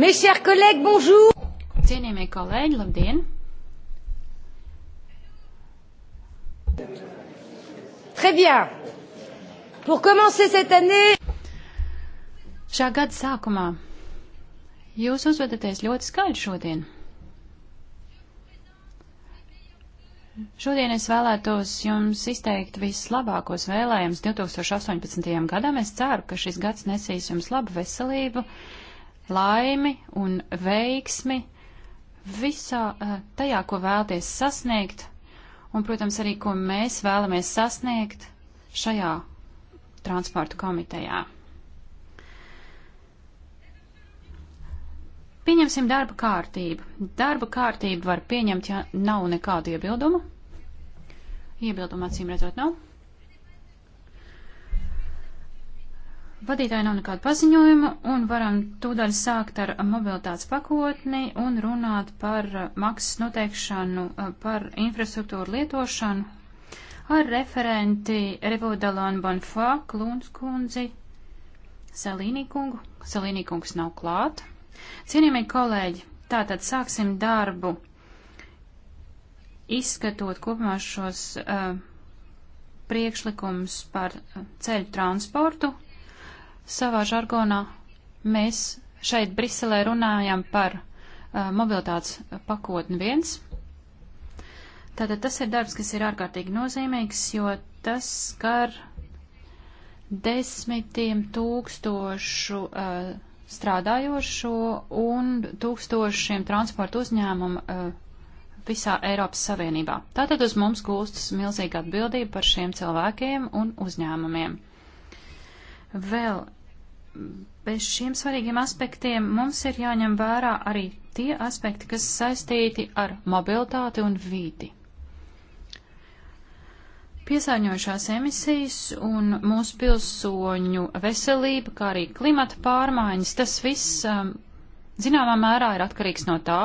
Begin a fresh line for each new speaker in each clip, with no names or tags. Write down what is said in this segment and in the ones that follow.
Mes chers collègues, bonjour! Cienījamie kolēģi, labdien! Très bien! Pour commencer cette année... Šā gada sākumā jūs uzvedaties ļoti skaļi šodien. Šodien es vēlētos jums izteikt vislabākos vēlējumus 2018. gadam. Es ceru, ka šis gads nesīs jums labu veselību, uh, laimi un veiksmi visā eh, tajā, ko vēlties sasniegt, un, protams, arī, ko mēs vēlamies sasniegt šajā transportu komitejā. Pieņemsim darba kārtību. Darba kārtību var pieņemt, ja nav nekādu iebildumu. Iebildumu acīm redzot nav. No? Vadītāji nav nekāda paziņojuma un varam tūdaļ sākt ar mobilitātes pakotni un runāt par uh, maksas noteikšanu uh, par infrastruktūru lietošanu ar referenti Revodalonu Bonfā, Klūns kundzi, Salīnī kungu. Salīnī kungs nav klāt. Cienījamie kolēģi, tātad sāksim darbu izskatot kopumā šos uh, priekšlikums par uh, ceļu transportu, savā žargonā mēs šeit Briselē runājam par uh, mobilitātes pakotni viens. Tātad tas ir darbs, kas ir ārkārtīgi nozīmīgs, jo tas skar desmitiem tūkstošu uh, strādājošo un tūkstošiem transportu uzņēmumu uh, visā Eiropas Savienībā. Tātad uz mums gūstas milzīga atbildība par šiem cilvēkiem un uzņēmumiem. Vēl bez šiem svarīgiem aspektiem mums ir jāņem vērā arī tie aspekti, kas saistīti ar mobilitāti un vīdi. Piesārņojušās emisijas un mūsu pilsoņu veselība, kā arī klimata pārmaiņas, tas viss um, zināmā mērā ir atkarīgs no tā,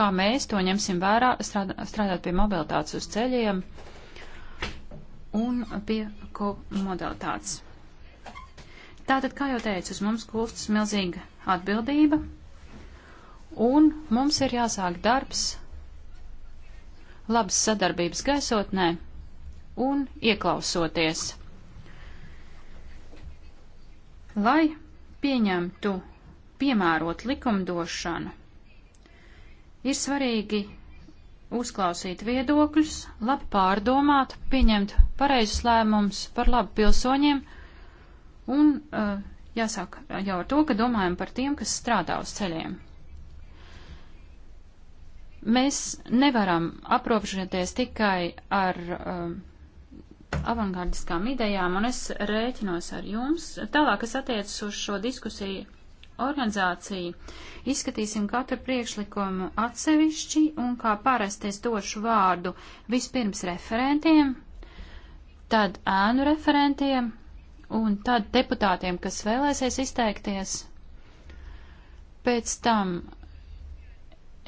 kā mēs to ņemsim vērā strādāt pie mobilitātes uz ceļiem un pie ko modalitātes. Tātad, kā jau teicu, uz mums gulstas milzīga atbildība, un mums ir jāsāk darbs labas sadarbības gaisotnē un ieklausoties. Lai pieņemtu piemērot likumdošanu, ir svarīgi uzklausīt viedokļus, labi pārdomāt, pieņemt pareizus lēmumus par labu pilsoņiem Un uh, jāsāk jau ar to, ka domājam par tiem, kas strādā uz ceļiem. Mēs nevaram aprobežoties tikai ar uh, avangardiskām idejām, un es rēķinos ar jums. Tālāk, kas attiecas uz šo diskusiju organizāciju, izskatīsim katru priekšlikumu atsevišķi, un kā parasti es došu vārdu vispirms referentiem, tad ēnu referentiem, un tad deputātiem, kas vēlēsies izteikties, pēc tam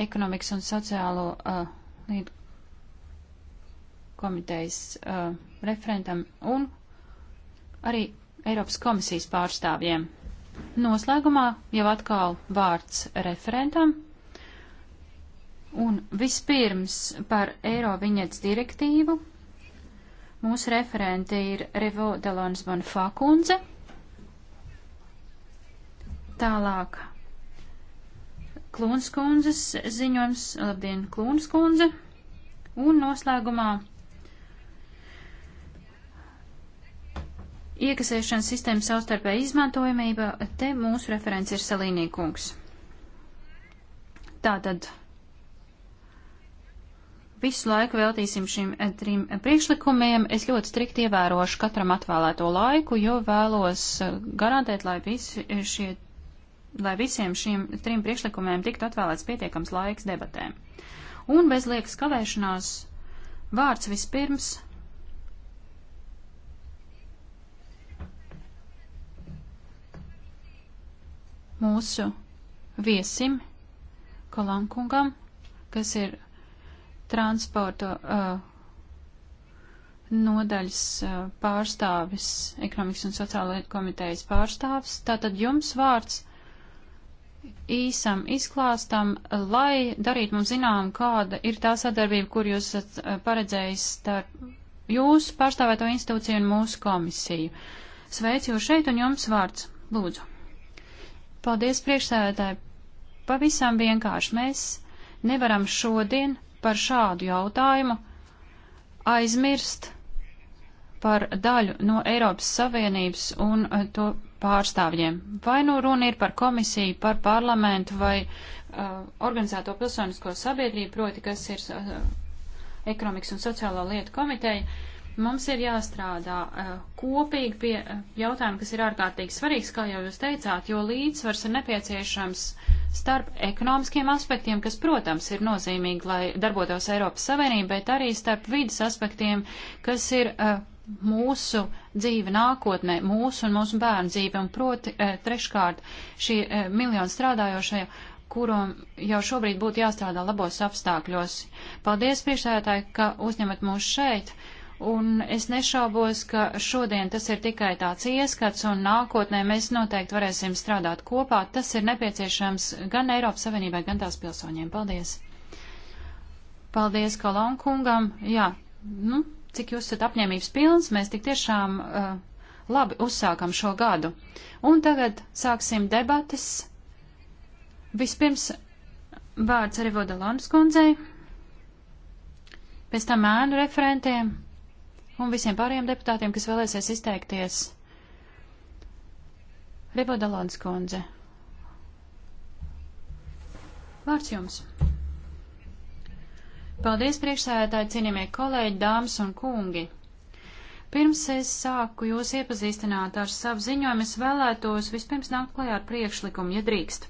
ekonomikas un sociālo uh, līdz komitejas uh, referentam un arī Eiropas komisijas pārstāvjiem. Noslēgumā jau atkal vārds referentam. Un vispirms par Eiro viņets direktīvu Mūsu referente ir Revo Delons Bonfakundze. Tālāk. Klūnas kundzes ziņojums. Labdien, Klūnas kundze. Un noslēgumā. Iekasēšanas sistēmas savstarpēja izmantojamība. Te mūsu referents ir Salīnī kungs. Tātad visu laiku veltīsim šim eh, trim eh, priekšlikumiem. Es ļoti strikt ievērošu katram atvēlēto laiku, jo vēlos eh, garantēt, lai, visi šie, lai visiem šiem trim priekšlikumiem tiktu atvēlēts pietiekams laiks debatēm. Un bez liekas kavēšanās vārds vispirms. Mūsu viesim, Kolankungam, kas ir transporta uh, nodaļas uh, pārstāvis, ekonomikas un sociāla lietu komitejas pārstāvis. Tātad jums vārds īsam izklāstam, lai darītu mums zinām, kāda ir tā sadarbība, kur jūs esat uh, paredzējis starp jūsu pārstāvēto institūciju un mūsu komisiju. Sveicu jūs šeit un jums vārds. Lūdzu. Paldies priekšsēdētāji. Pavisam vienkārši mēs nevaram šodien par šādu jautājumu aizmirst par daļu no Eiropas Savienības un eh, to pārstāvjiem. Vai nu runa ir par komisiju, par parlamentu vai uh, organizēto pilsonisko sabiedrību, proti, kas ir uh, ekonomikas un sociālo lietu komiteja, uh, Mums ir jāstrādā eh, kopīgi pie eh, jautājuma, kas ir ārkārtīgi svarīgs, kā jau jūs teicāt, jo līdzsvars ir nepieciešams starp ekonomiskiem aspektiem, kas, protams, ir nozīmīgi, lai darbotos Eiropas Savienība, bet arī starp vidas aspektiem, kas ir eh, mūsu dzīve nākotnē, mūsu un mūsu bērnu dzīve, un proti treškārt šie miljoni strādājošie kuram jau šobrīd būtu jāstrādā labos apstākļos. Paldies, priekšsēdētāji, ka uzņemat mūs šeit. Uh, Un es nešaubos, ka šodien tas ir tikai tāds ieskats, un nākotnē mēs noteikti varēsim strādāt kopā. Tas ir nepieciešams gan Eiropas Savienībai, gan tās pilsoņiem. Paldies! Paldies Kolonkungam! Jā, nu, cik jūs esat apņēmības pilns, mēs tik tiešām uh, labi uzsākam šo gadu. Un tagad sāksim debatas. Vispirms vārds arī Vodalonas kundzei, pēc tam ēnu referentiem un visiem pārējiem deputātiem, kas vēlēsies izteikties. Rebodalons kundze. Vārds jums. Paldies, priekšsēdētāji, cienījamie kolēģi, dāmas un kungi. Pirms es sāku jūs iepazīstināt ar savu ziņojumu, es vēlētos vispirms nākt klajā ar priekšlikumu, ja drīkst.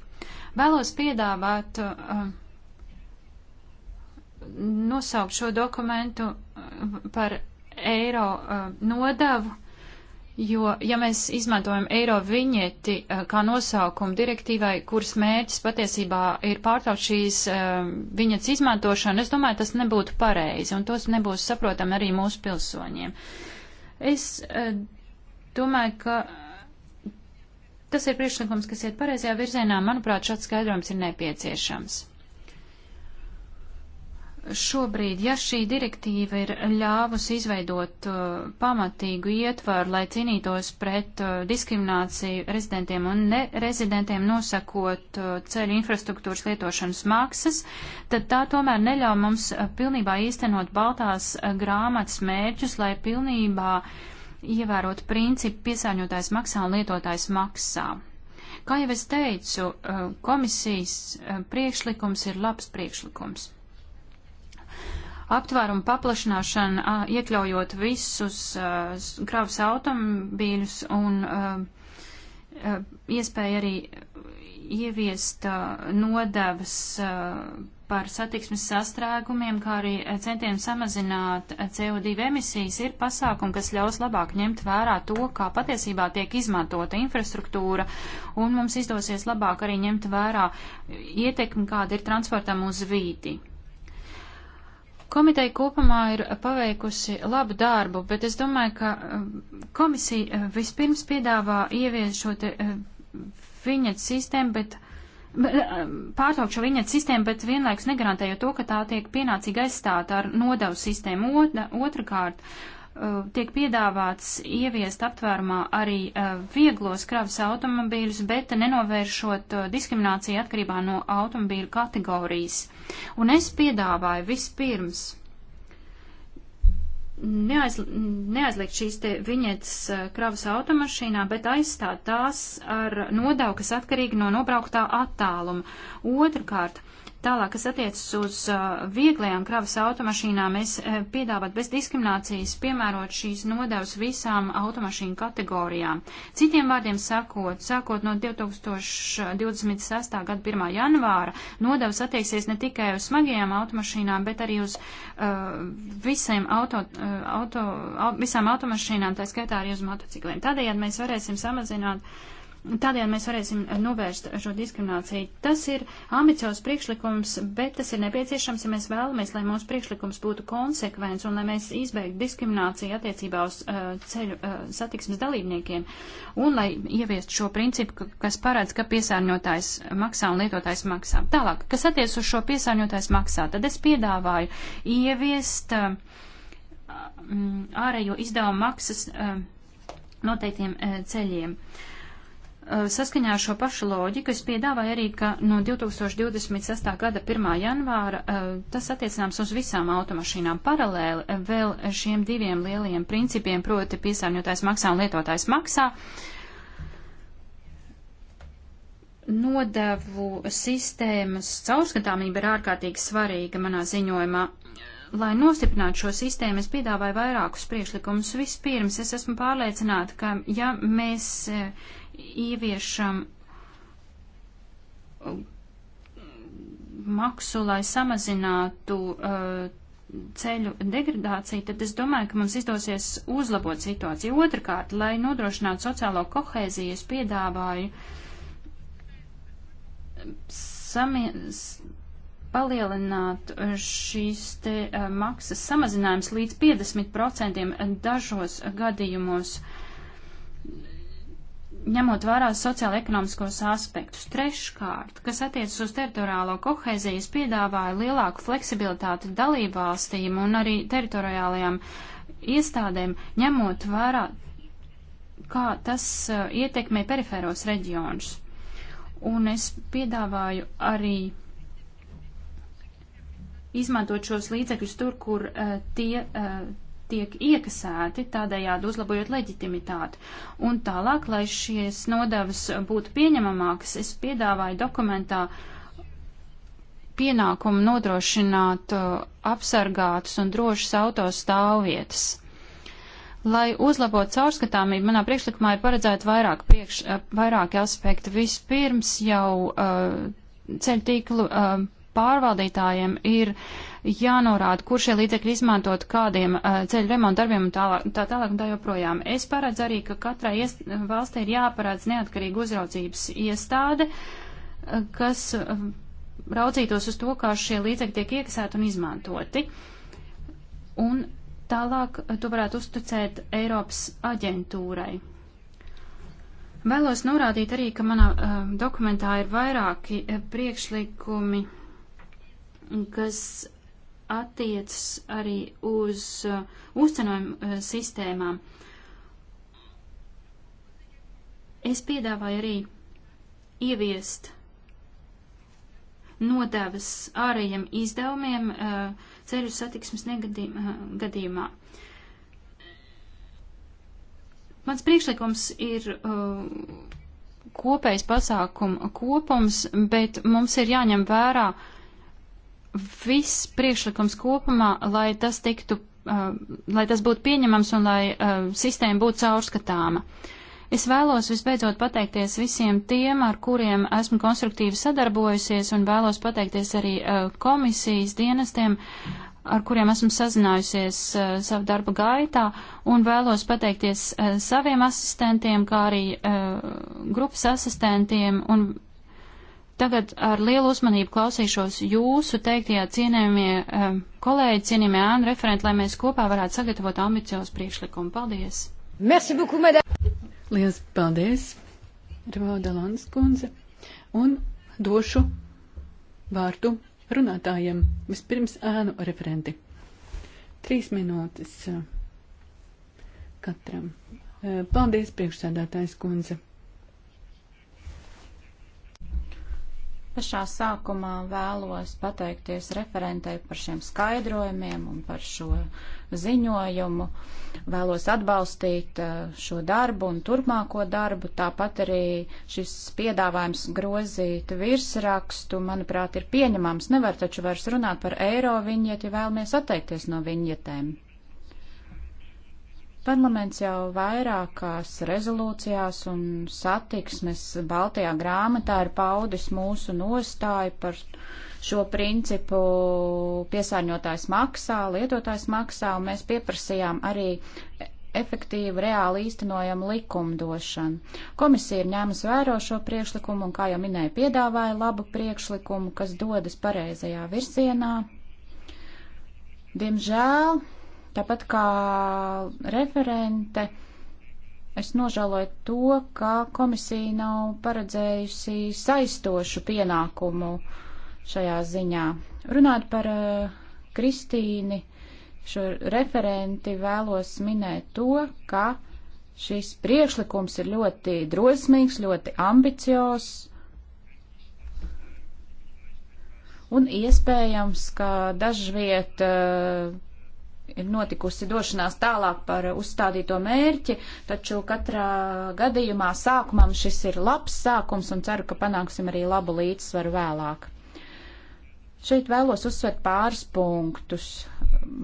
Vēlos piedāvāt uh, nosaukt šo dokumentu uh, par eiro uh, nodevu, jo, ja mēs izmantojam eiro viņeti uh, kā nosaukumu direktīvai, kuras mērķis patiesībā ir pārtraukt šīs uh, viņets izmantošanu, es domāju, tas nebūtu pareizi, un tos nebūs saprotam arī mūsu pilsoņiem. Es uh, domāju, ka. Tas ir priekšlikums, kas iet pareizajā virzienā. Manuprāt, šāds skaidrojums ir nepieciešams šobrīd, ja šī direktīva ir ļāvusi izveidot uh, pamatīgu ietvaru, lai cīnītos pret uh, diskrimināciju rezidentiem un nerezidentiem, nosakot uh, ceļu infrastruktūras lietošanas maksas, tad tā tomēr neļauj mums uh, pilnībā īstenot baltās uh, grāmatas mērķus, lai pilnībā ievērot principu piesārņotājs maksā un lietotājs maksā. Kā jau es teicu, uh, komisijas priekšlikums ir labs priekšlikums aptvērumu paplašināšana, iekļaujot visus kravas automobīļus un iespēja arī ieviest nodevas par satiksmes sastrēgumiem, kā arī centienu samazināt CO2 emisijas, ir pasākumi, kas ļaus labāk ņemt vērā to, kā patiesībā tiek izmantota infrastruktūra, un mums izdosies labāk arī ņemt vērā ietekmi, kāda ir transportam uz vīti. Komiteja kopumā ir paveikusi labu darbu, bet es domāju, ka um, komisija uh, vispirms piedāvā ievies šo te uh, viņet sistēmu, bet uh, um, pārtraukt šo viņet sistēmu, bet vienlaikus negarantējot to, ka tā tiek pienācīgi aizstāta ar nodevu sistēmu. Otrakārt, Uh, tiek piedāvāts ieviest aptvērumā arī uh, vieglos kravas automobīļus, bet nenovēršot uh, diskrimināciju atkarībā no automobīļu kategorijas. Un es piedāvāju vispirms neaiz, neaizliegt šīs te viņetes kravas automašīnā, bet aizstāt tās ar nodevu, kas atkarīgi no nobrauktā attāluma. Otrakārt, uh, Tālāk, kas attiecas uz uh, vieglajām kravas automašīnām, es uh, piedāvāt bez diskriminācijas piemērot šīs nodevas visām automašīnu kategorijām. Citiem vārdiem sakot, sākot no 2026. gada 1. janvāra, nodevas attieksies ne tikai uz smagajām automašīnām, bet arī uz uh, visiem auto, uh, auto, au, visām automašīnām, tā skaitā arī uz motocikliem. Tādējādi mēs varēsim samazināt uh, Tādējādi mēs varēsim novērst šo diskrimināciju. Tas ir ambiciozs priekšlikums, bet tas ir nepieciešams, ja mēs vēlamies, lai mūsu priekšlikums būtu konsekvents un lai mēs izbeigtu diskrimināciju attiecībā uz uh, ceļu uh, satiksmes dalībniekiem un lai ieviestu šo principu, kas parāds, ka piesārņotājs maksā un lietotājs maksā. Tālāk, kas attiec uz šo piesārņotājs maksā, tad es piedāvāju ieviest uh, mm, ārējo izdevumu maksas uh, noteiktiem uh, ceļiem. Uh, Eh, saskaņā ar šo pašu loģiku es piedāvāju arī, ka no 2026. gada 1. janvāra eh, tas attiecināms uz visām automašīnām paralēli eh, vēl šiem diviem lielajiem principiem, proti piesārņotājs maksā un lietotājs maksā. Nodevu sistēmas caurskatāmība ir ārkārtīgi svarīga manā ziņojumā. Lai nostiprinātu šo sistēmu, es piedāvāju vairākus priekšlikumus. Vispirms es esmu pārliecināta, ka ja mēs ieviešam maksu, lai samazinātu uh, ceļu degradāciju, tad es domāju, ka mums izdosies uzlabot situāciju. Otrakārt, lai nodrošinātu sociālo kohēziju, es piedāvāju samies, palielināt šīs te uh, maksas samazinājums līdz 50% dažos gadījumos. Uh, ņemot vērā sociāla-ekonomiskos aspektus. Treškārt, kas attiecas uz teritoriālo kohēziju, es piedāvāju lielāku fleksibilitāti dalībvalstīm un arī teritoriālajām iestādēm, ņemot vērā, kā tas uh, ietekmē periferos reģionus. Un es piedāvāju arī izmantot šos līdzekļus tur, kur uh, tie uh, tiek iekasēti, tādējādi uzlabojot leģitimitāti. Un tālāk, lai šīs nodevas būtu pieņemamākas, es piedāvāju dokumentā pienākumu nodrošināt uh, apsargātas un drošas autostāvvietas. Lai uzlabotu caurskatāmību, manā priekšlikumā ir paredzēti vairāk priekš, uh, vairāki aspekti. Vispirms jau uh, ceļu tīklu uh, pārvaldītājiem ir jānorāda, kur šie līdzekļi izmantot kādiem uh, ceļu remontu darbiem un tā, tā tālāk un tā joprojām. Es paredzu arī, ka katrai iest, valstī ir jāparādz neatkarīga uzraudzības iestāde, uh, kas uh, raudzītos uz to, kā šie līdzekļi tiek iekasēti un izmantoti. Un tālāk uh, to varētu uzticēt Eiropas aģentūrai. Vēlos norādīt arī, ka manā uh, dokumentā ir vairāki uh, priekšlikumi kas attiecas arī uz uh, uzcenojumu uh, sistēmām. Es piedāvāju arī ieviest nodevas ārējiem izdevumiem uh, ceļu satiksmes negadījumā. Mans priekšlikums ir kopējs pasākumu kopums, bet mums ir jāņem vērā uh, viss priekšlikums kopumā, lai tas tiktu, uh, lai tas būtu pieņemams un lai uh, sistēma būtu caurskatāma. Es vēlos visbeidzot pateikties visiem tiem, ar kuriem esmu konstruktīvi sadarbojusies, un vēlos pateikties arī uh, komisijas dienestiem, ar kuriem esmu sazinājusies uh, savu darbu gaitā, un vēlos pateikties uh, saviem asistentiem, kā arī uh, grupas asistentiem un Tagad ar lielu uzmanību klausīšos jūsu teiktajā cienējumie eh, kolēģi, cienījumie ēnu referenti, lai mēs kopā varētu sagatavot ambiciozu priekšlikumu. Paldies!
Merci beaucoup, madame! Lielas paldies, Rvauda Lanskundze! Un došu vārdu runātājiem. Vispirms ēnu referenti. Trīs minūtes eh, katram. Eh, paldies, priekšsēdētājs kundze.
Pašā sākumā vēlos pateikties referentei par šiem skaidrojumiem un par šo ziņojumu. Vēlos atbalstīt eh, šo darbu un turpmāko darbu. Tāpat arī šis piedāvājums grozīt virsrakstu, manuprāt, ir pieņemams. Nevar taču vairs runāt par eiro viņieti, ja vēlamies atteikties no viņietēm. Parlaments jau vairākās rezolūcijās un satiksmes Baltajā grāmatā ir paudis mūsu nostāju par šo principu piesārņotājs maksā, lietotājs maksā, un mēs pieprasījām arī efektīvu, reāli īstenojamu likumdošanu. Komisija ir ņēmusi vēro šo priekšlikumu un, kā jau minēja, piedāvāja labu priekšlikumu, kas dodas pareizajā virzienā. Diemžēl Tāpat kā referente, es nožēloju to, ka komisija nav paredzējusi saistošu pienākumu šajā ziņā. Runāt par uh, Kristīni, šo referenti vēlos minēt to, ka šis priekšlikums ir ļoti drosmīgs, ļoti ambiciozs. Un iespējams, ka dažviet uh, ir notikusi došanās tālāk par uzstādīto mērķi, taču katrā gadījumā sākumam šis ir labs sākums un ceru, ka panāksim arī labu līdzsvaru vēlāk. Šeit vēlos uzsvērt pāris punktus.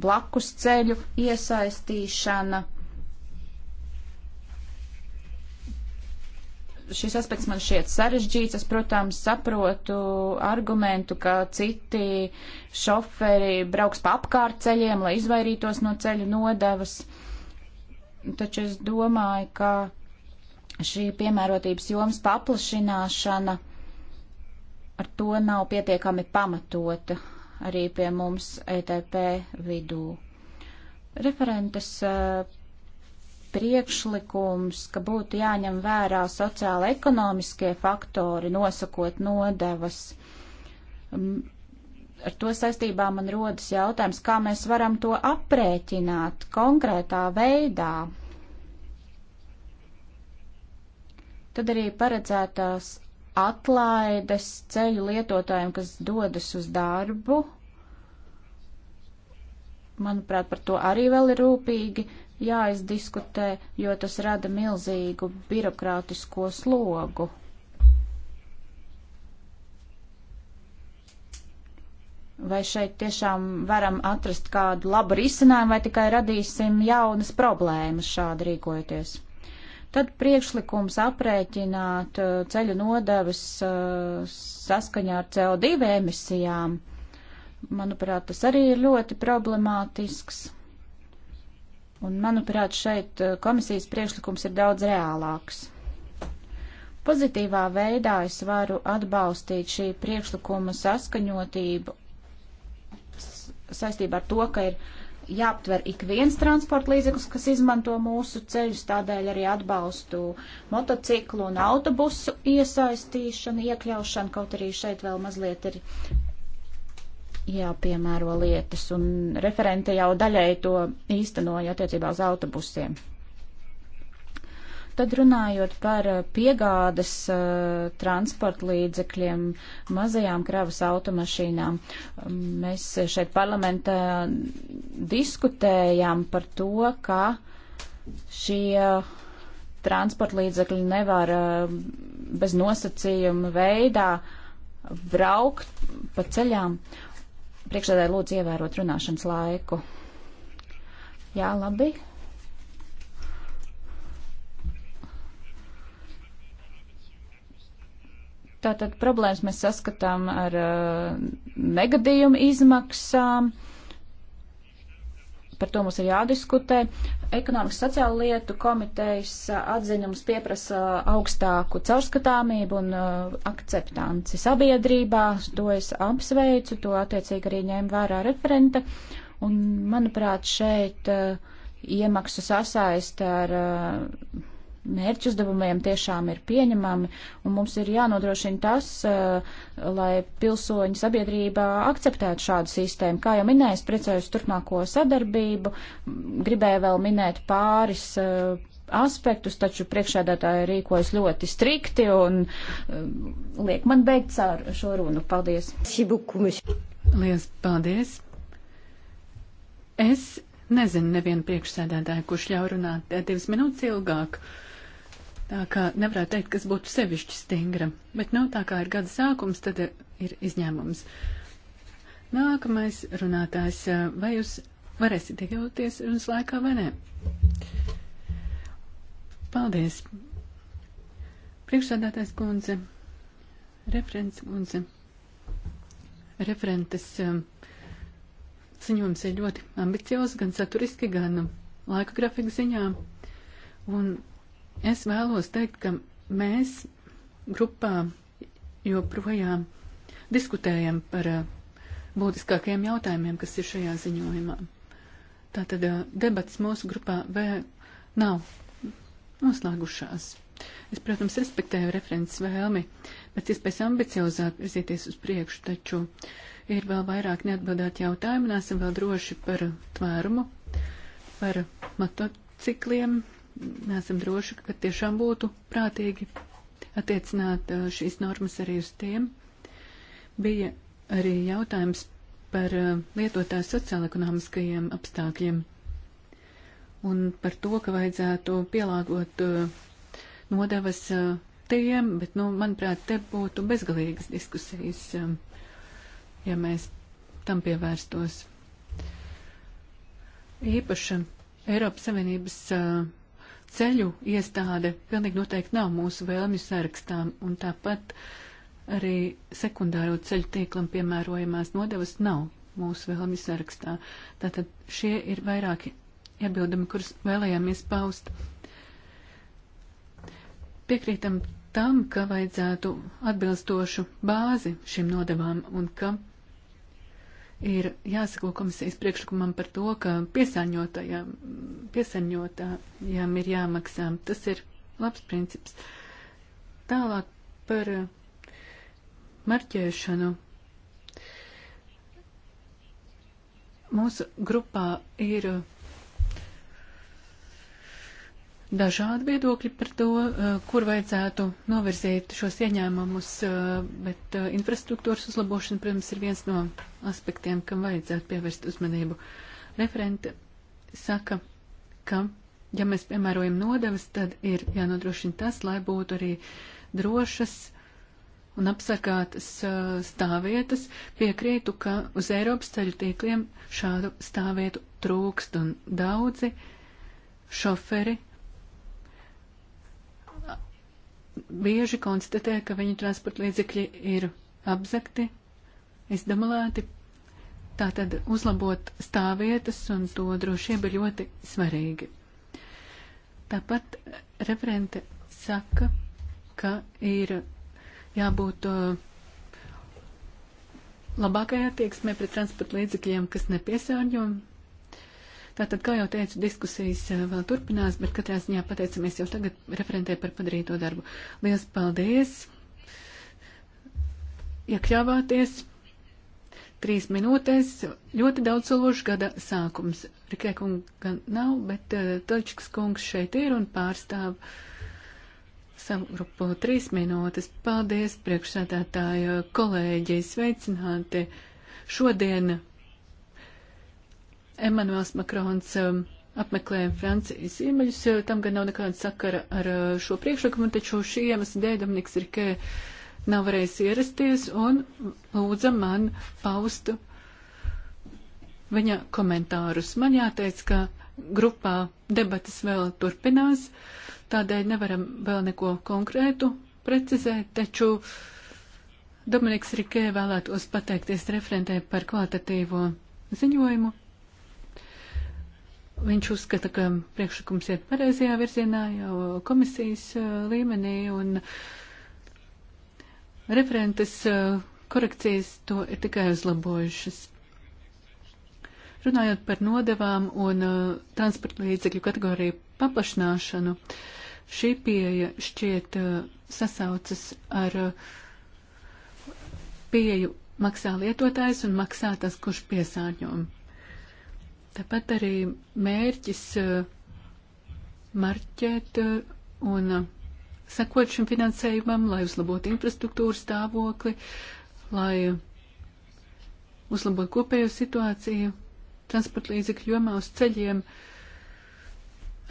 Blakus ceļu iesaistīšana šis aspekts man šķiet sarežģīts. Es, protams, saprotu argumentu, ka citi šoferi brauks pa apkārt ceļiem, lai izvairītos no ceļu nodevas. Taču es domāju, ka šī piemērotības jomas paplašināšana ar to nav pietiekami pamatota arī pie mums ETP vidū. Referentes uh, priekšlikums, ka būtu jāņem vērā sociāla ekonomiskie faktori, nosakot nodevas. Ar to saistībā man rodas jautājums, kā mēs varam to aprēķināt konkrētā veidā. Tad arī paredzētās atlaides ceļu lietotājiem, kas dodas uz darbu. Manuprāt, par to arī vēl ir rūpīgi jāizdiskutē, jo tas rada milzīgu birokrātisko slogu. Vai šeit tiešām varam atrast kādu labu risinājumu, vai tikai radīsim jaunas problēmas šādi rīkojoties? Tad priekšlikums aprēķināt uh, ceļu nodevas uh, saskaņā ar CO2 emisijām, manuprāt, tas arī ir ļoti problemātisks. Un, manuprāt, šeit eh, komisijas priekšlikums ir daudz reālāks. Pozitīvā veidā es varu atbalstīt šī priekšlikuma saskaņotību saistībā ar to, ka ir jāaptver ik viens transporta līdzeklis, kas izmanto mūsu ceļus, tādēļ arī atbalstu motociklu un autobusu iesaistīšanu, iekļaušanu, kaut arī šeit vēl mazliet ir jāpiemēro lietas, un referente jau daļai to īstenoja attiecībā uz autobusiem. Tad runājot par eh, piegādes uh, transporta līdzekļiem, mazajām kravas automašīnām, mēs šeit parlamentā diskutējām par to, ka šie transporta līdzekļi nevar uh, bez nosacījuma veidā braukt pa ceļām. Uh, Priekšsēdē lūdzu ievērot runāšanas laiku. Jā, labi. Tātad problēmas mēs saskatām ar uh, negadījumu izmaksām. Uh, par to mums ir jādiskutē. Ekonomikas sociāla lietu komitejas atziņums pieprasa augstāku caurskatāmību un akceptanci sabiedrībā. To es apsveicu, to attiecīgi arī ņēma vērā referenta. Un, manuprāt, šeit iemaksu sasaist ar mērķu uzdevumiem tiešām ir pieņemami, un mums ir jānodrošina tas, eh, lai pilsoņu sabiedrība akceptētu šādu sistēmu. Kā jau minēju, es priecājos turpmāko sadarbību, gribēju vēl minēt pāris eh, aspektus, taču priekšēdētāji rīkojas ļoti strikti un eh, liek man beigt
ar šo runu. Paldies! Lielas paldies! Es nezinu nevienu priekšsēdētāju, kurš ļauj runāt divas minūtes ilgāk. Uh, Tā kā nevarētu teikt, kas būtu sevišķi stingra, bet nav nu, tā kā ir gada sākums, tad ir izņēmums. Nākamais runātājs, vai jūs varēsiet iekļauties runas laikā vai nē? Paldies! Priekšsādātājs kundze, referents kundze, referentes um, ziņojums ir ļoti ambiciozs gan saturiski, gan laika grafika ziņā. Un Es vēlos teikt, ka mēs grupā joprojām diskutējam par uh, būtiskākajiem jautājumiem, kas ir šajā ziņojumā. Tātad uh, debats mūsu grupā vēl nav noslēgušās. Es, protams, respektēju referents vēlmi pēc iespējas ambiciozāk virzīties uz priekšu, taču ir vēl vairāk neatbildēt jautājumu, nesam vēl droši par tvērumu, par motocikliem, neesam droši, ka tiešām būtu prātīgi attiecināt uh, šīs normas arī uz tiem. Bija arī jautājums par uh, lietotās sociālekonomiskajiem apstākļiem un par to, ka vajadzētu pielāgot uh, nodevas tiem, bet, nu, manuprāt, te būtu bezgalīgas diskusijas, um, ja mēs tam pievērstos. Īpaša Eiropas Savienības uh, ceļu iestāde pilnīgi noteikti nav mūsu vēlmju sarakstām, un tāpat arī sekundāro ceļu tīklam piemērojamās nodevas nav mūsu vēlmju sarakstā. Tātad šie ir vairāki iebildumi, kurus vēlējāmies paust. Piekrītam tam, ka vajadzētu atbilstošu bāzi šim nodevām un ka ir jāsako komisijas priekšlikumam par to, ka piesāņotājām, piesāņotājām ir jāmaksā. Tas ir labs princips. Tālāk par marķēšanu. Mūsu grupā ir dažādi viedokļi par to, eh, kur vajadzētu novirzīt šos ieņēmumus, eh, bet eh, infrastruktūras uzlabošana, protams, ir viens no aspektiem, kam vajadzētu pievērst uzmanību. Referente saka, ka, ja mēs piemērojam nodevas, tad ir jānodrošina tas, lai būtu arī drošas un apsargātas stāvvietas. Piekrītu, ka uz Eiropas ceļu tīkliem šādu stāvvietu trūkst un daudzi šoferi bieži konstatē, ka viņu transporta līdzekļi ir apzakti, izdamalēti. Tātad uzlabot stāvvietas un to drošību ir ļoti svarīgi. Tāpat referente saka, ka ir jābūt uh, labākajai attieksmē pret transporta līdzekļiem, kas nepiesārņo Tātad, kā jau teicu, diskusijas eh, vēl turpinās, bet katrā ziņā pateicamies jau tagad referentē par padarīto darbu. Lielas paldies! Iekļāvāties trīs minūtēs ļoti daudz sološu gada sākums. Rikē kunga gan nav, bet uh, eh, Toļčiks kungs šeit ir un pārstāv savu grupu trīs minūtes. Paldies, priekšsēdētāji, kolēģi, sveicināti! Šodien Emanuels Makrons um, apmeklē Francijas ziemeļus, uh, tam gan nav nekāda sakara ar uh, šo priekšlikumu, taču šī iemesla dēļ Dominiks Rikē nav varējis ierasties un lūdza man paustu viņa komentārus. Man jāteic, ka grupā debatas vēl turpinās, tādēļ nevaram vēl neko konkrētu precizēt, taču Dominiks Rikē vēlētos pateikties referentē par kvalitatīvo ziņojumu. Viņš uzskata, ka priekšlikums iet pareizajā virzienā jau komisijas uh, līmenī un referentes uh, korekcijas to ir tikai uzlabojušas. Runājot par nodevām un uh, transporta līdzekļu kategoriju paplašināšanu, šī pieeja šķiet sasaucas ar pieju maksā lietotājs un maksā tas, kurš piesārņojumu. Tāpat arī mērķis eh, marķēt eh, un eh, sekot šim finansējumam, lai uzlabotu infrastruktūru stāvokli, lai uzlabotu kopējo situāciju transporta līdzekļu jomā uz ceļiem,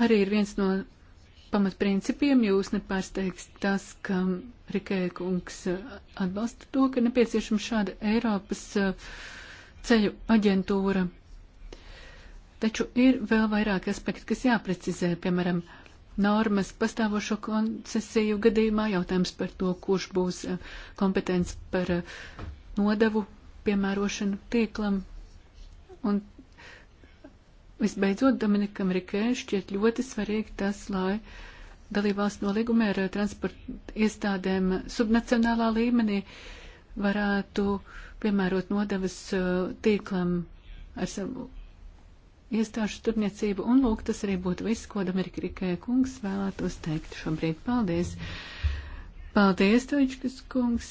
arī ir viens no pamatprincipiem. Jūs nepārsteigts tas, ka Rikēja kungs atbalsta to, ka nepieciešama šāda Eiropas ceļu aģentūra Taču ir vēl vairāki aspekti, kas jāprecizē, piemēram, normas pastāvošo koncesiju gadījumā, jautājums par to, kurš būs eh, kompetents par eh, nodevu piemērošanu tīklam. Un visbeidzot, Dominikam Rikē šķiet ļoti svarīgi tas, lai dalībvalsts nolīgumē ar eh, transporta iestādēm subnacionālā līmenī varētu piemērot nodevas tīklam ar savu iestāžu turniecību. Un lūk, tas arī būtu viss, ko Damerikrikai kungs vēlētos teikt šobrīd. Paldies! Paldies, Toņškas kungs!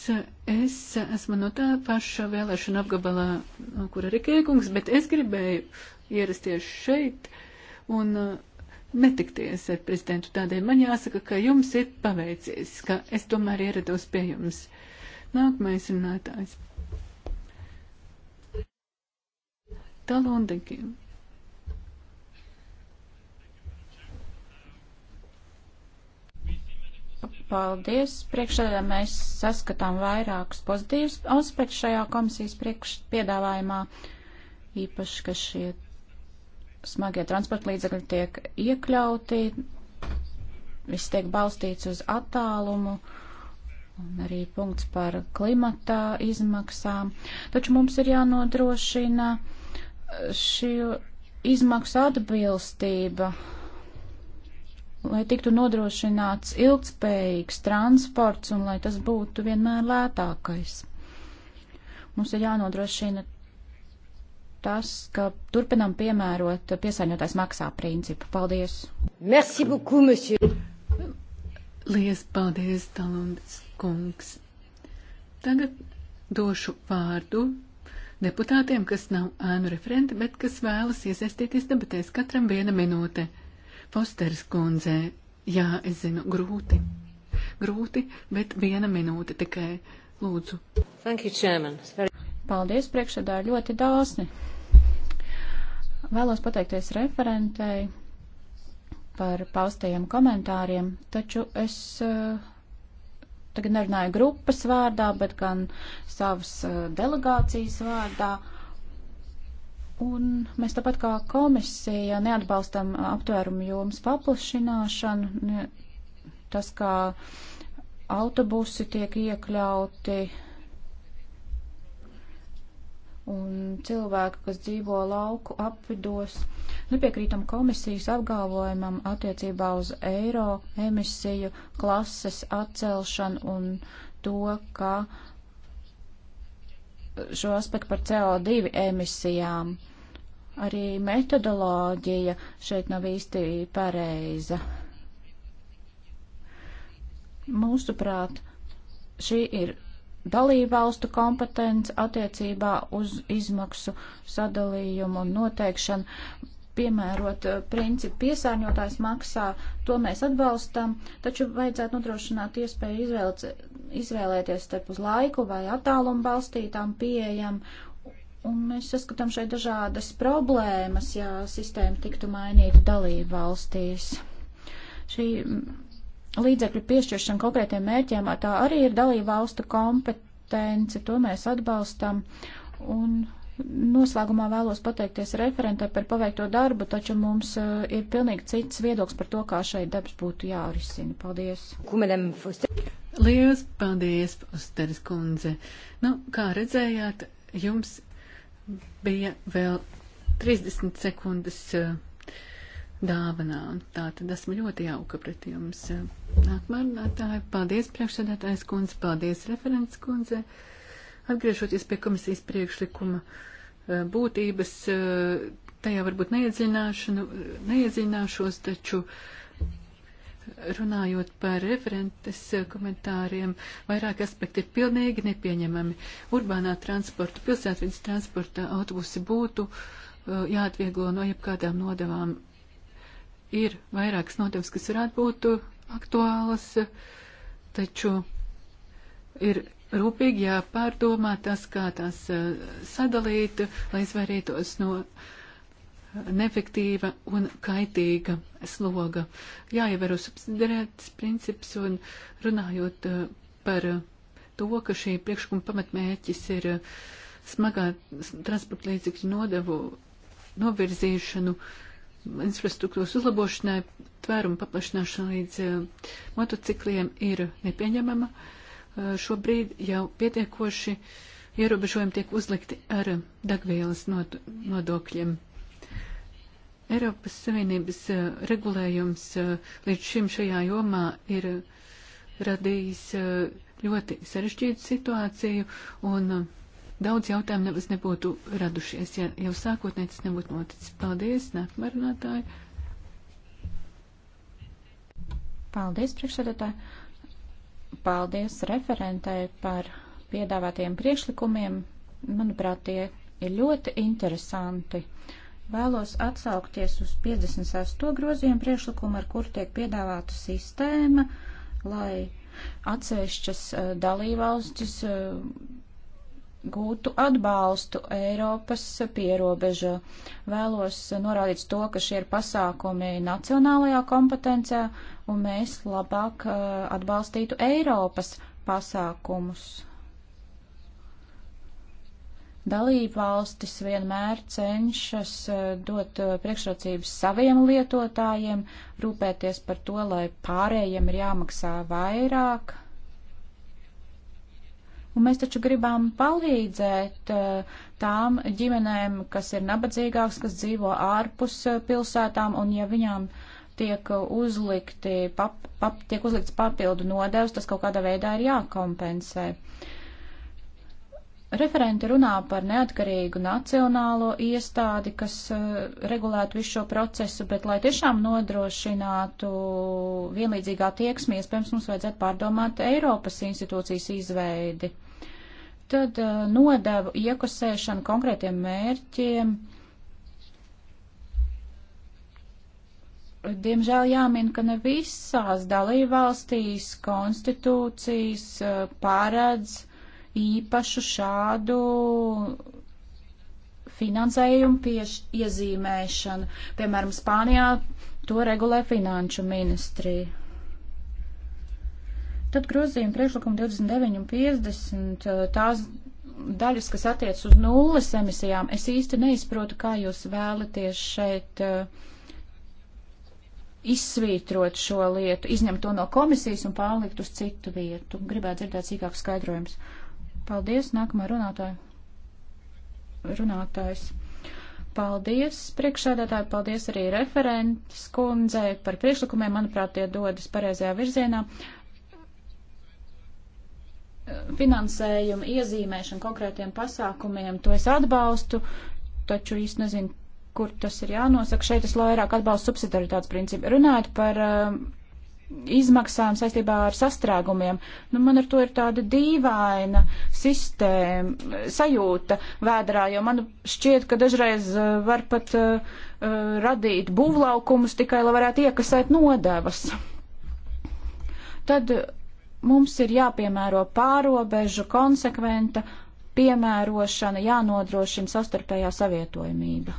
Es esmu no tā paša vēlēšana apgabalā, no kura Rikai kungs, bet es gribēju ierasties šeit un uh, netikties ar prezidentu. Tādēļ man jāsaka, ka jums ir paveicies, ka es tomēr ierados pie jums. Nākamais runātājs. Talondekiem.
Paldies. Priekšsēdā mēs saskatām vairākus pozitīvus aspektus šajā komisijas priekš piedāvājumā, īpaši, ka šie smagie transporta līdzekļi tiek iekļauti, viss tiek balstīts uz attālumu un arī punkts par klimata izmaksām. Taču mums ir jānodrošina šī izmaksu atbilstība lai tiktu nodrošināts ilgspējīgs transports un lai tas būtu vienmēr lētākais. Mums ir jānodrošina tas, ka turpinam piemērot piesaņotais maksā principu. Paldies! Merci beaucoup, monsieur!
Lies paldies, Talundis kungs! Tagad došu vārdu deputātiem, kas nav ēnu referenti, bet kas vēlas iesaistīties debatēs katram viena minūte. Fosters kundze, jā, es zinu, grūti. Grūti, bet viena minūte tikai. Lūdzu. Thank you, Chairman. Very... Paldies, priekšsēdā, ļoti dāsni.
Vēlos pateikties referentei par paustajiem komentāriem, taču es uh, tagad nerunāju grupas vārdā, bet gan savas uh, delegācijas vārdā. Uh, Un mēs tāpat kā komisija neatbalstam aptvērumu jomas paplašināšanu, ne, tas, kā autobusi tiek iekļauti un cilvēki, kas dzīvo lauku apvidos. Nepiekrītam komisijas apgalvojumam attiecībā uz eiro emisiju klases atcelšanu un to, ka šo aspektu par CO2 emisijām. Uh, Arī metodoloģija šeit nav īsti pareiza. Mūsuprāt, šī ir dalībvalstu kompetence attiecībā uz izmaksu sadalījumu un noteikšanu piemērot eh, principu piesārņotājs maksā, to mēs atbalstam, taču vajadzētu nodrošināt iespēju izvēlēt, izvēlēties starp uz laiku vai attālumu balstītām pieejam Un mēs saskatām šeit dažādas problēmas, ja sistēma tiktu mainīta dalību valstīs. Šī mm, līdzekļu piešķiršana konkrētiem mērķiem, tā arī ir dalību valstu kompetence, to mēs atbalstam. Un noslēgumā vēlos pateikties referentai par paveikto darbu, taču mums ir pilnīgi cits viedoklis par to, kā šeit darbs būtu jārisina.
Paldies! Lielas paldies, Osteris kundze! Nu, kā redzējāt, jums bija vēl 30 sekundes eh, dāvanā. Tā tad esmu ļoti jauka pret jums. Nākamā runātāja, paldies priekšsēdētājs kundze, paldies referents kundze. Atgriežoties pie komisijas priekšlikuma eh, būtības, eh, tajā varbūt neiedziļināšos, taču uh, runājot par referentes komentāriem, vairāk aspekti ir pilnīgi nepieņemami. Urbānā transporta, pilsētvidas transporta autobusi būtu uh, jāatvieglo no jebkādām nodevām. Ir vairākas nodevas, kas varētu būt aktuālas, taču ir rūpīgi jāpārdomā tas, kā tās uh, sadalīt, lai izvairītos no. Uh, neefektīva un kaitīga sloga. Jāievēro subsidiarētas princips un runājot eh, par eh, to, ka šī priekšlikuma pamatmērķis ir eh, smagā transporta līdzekļu nodevu novirzīšanu infrastruktūras uzlabošanai, tvērumu paplašināšana līdz uh, motocikliem ir nepieņemama. Uh, šobrīd jau pietiekoši ierobežojumi tiek uzlikti ar dagvielas nod nodokļiem. Eiropas Savienības eh, regulējums eh, līdz šim šajā jomā ir eh, radījis ļoti sarežģītu situāciju, un daudz jautājumu nebūs nebūtu radušies, ja jau sākotnēji tas nebūtu noticis. Paldies, nākamā runātāja.
Paldies, priekšsēdētāji. Paldies referentai par piedāvātiem priekšlikumiem. Manuprāt, tie ir ļoti interesanti. Uh, Vēlos atsaukties uz 58. grozījumu priekšlikumu, ar kuru tiek piedāvāta sistēma, lai atsevišķas eh, dalībvalstis eh, gūtu atbalstu Eiropas pierobežā. Vēlos norādīt to, ka šie ir pasākumi nacionālajā kompetencijā, un mēs labāk eh, atbalstītu Eiropas pasākumus. Dalībvalstis vienmēr cenšas eh, dot eh, priekšrocības saviem lietotājiem, rūpēties par to, lai pārējiem ir jāmaksā vairāk. Un mēs taču gribam palīdzēt eh, tām ģimenēm, kas ir nabadzīgākas, kas dzīvo ārpus pilsētām, un ja viņām tiek, uzlikti, pap, pap, tiek uzlikts papildu nodevs, tas kaut kādā veidā ir jākompensē. Uh, Referenti runā par neatkarīgu nacionālo iestādi, kas eh, regulētu visu šo procesu, bet, lai tiešām nodrošinātu vienlīdzīgā tieksmi, iespējams, mums vajadzētu pārdomāt Eiropas institūcijas izveidi. Tad eh, nodevu iekasēšana konkrētiem mērķiem. Diemžēl jāmin, ka ne visās dalībvalstīs konstitūcijas eh, pārēdz īpašu šādu finansējumu pieš iezīmēšanu. Piemēram, Spānijā to regulē finanšu ministrija. Tad grozījuma priekšlikuma 29 un 50, eh, tās daļas, kas attiec uz nulles emisijām, es īsti neizprotu, kā jūs vēlaties šeit eh, izsvītrot šo lietu, izņemt to no komisijas un pārlikt uz citu vietu. Gribētu dzirdēt sīkākus skaidrojumus. Paldies, nākamā runātāja. Runātājs. Paldies, priekšsēdētāji, paldies arī referents kundzei par priekšlikumiem. Manuprāt, tie dodas pareizajā virzienā. Finansējuma iezīmēšana konkrētiem pasākumiem, to es atbalstu, taču īsti nezinu, kur tas ir jānosaka. Šeit es vairāk atbalstu subsidaritātes principu. Runājot par um, izmaksām saistībā ar sastrēgumiem. Nu, man ar to ir tāda dīvaina sistēma, sajūta vēdrā, jo man šķiet, ka dažreiz uh, var pat uh, uh, radīt būvlaukumus tikai, lai varētu iekasēt nodevas. Tad mums ir jāpiemēro pārobežu konsekventa piemērošana, jānodrošina sastarpējā savietojamība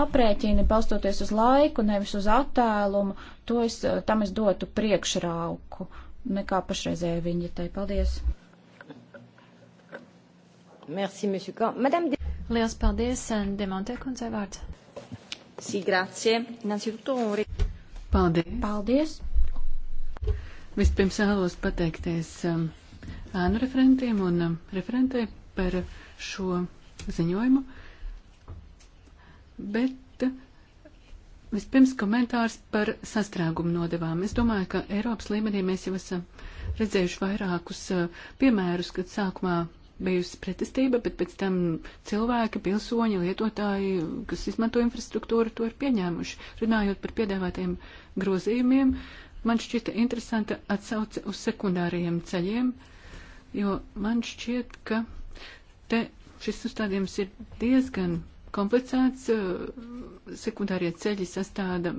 aprēķini balstoties uz laiku, nevis uz attēlumu, to es, eh, tam es dotu priekšrauku nekā pašreizējai viņetai. Paldies!
Merci, monsieur Kahn. Madame de... Liels paldies, eh, Demonte kundzei vārds. Sī, si, grazie. Innanzitutto un...
Paldies. Paldies. Vispirms vēlos pateikties um, ēnu referentiem un um, referentē par šo ziņojumu. Uh, bet eh, vispirms komentārs par sastrēgumu nodevām. Es domāju, ka Eiropas līmenī mēs jau esam redzējuši vairākus eh, piemērus, kad sākumā bijusi pretestība, bet pēc tam cilvēki, pilsoņi, lietotāji, kas izmanto infrastruktūru, to ir pieņēmuši. Runājot par piedāvātajiem grozījumiem, man šķita interesanta atsauce uz sekundāriem ceļiem, jo man šķiet, ka te šis uzstādījums ir diezgan komplicēts. Eh, sekundārie ceļi sastāda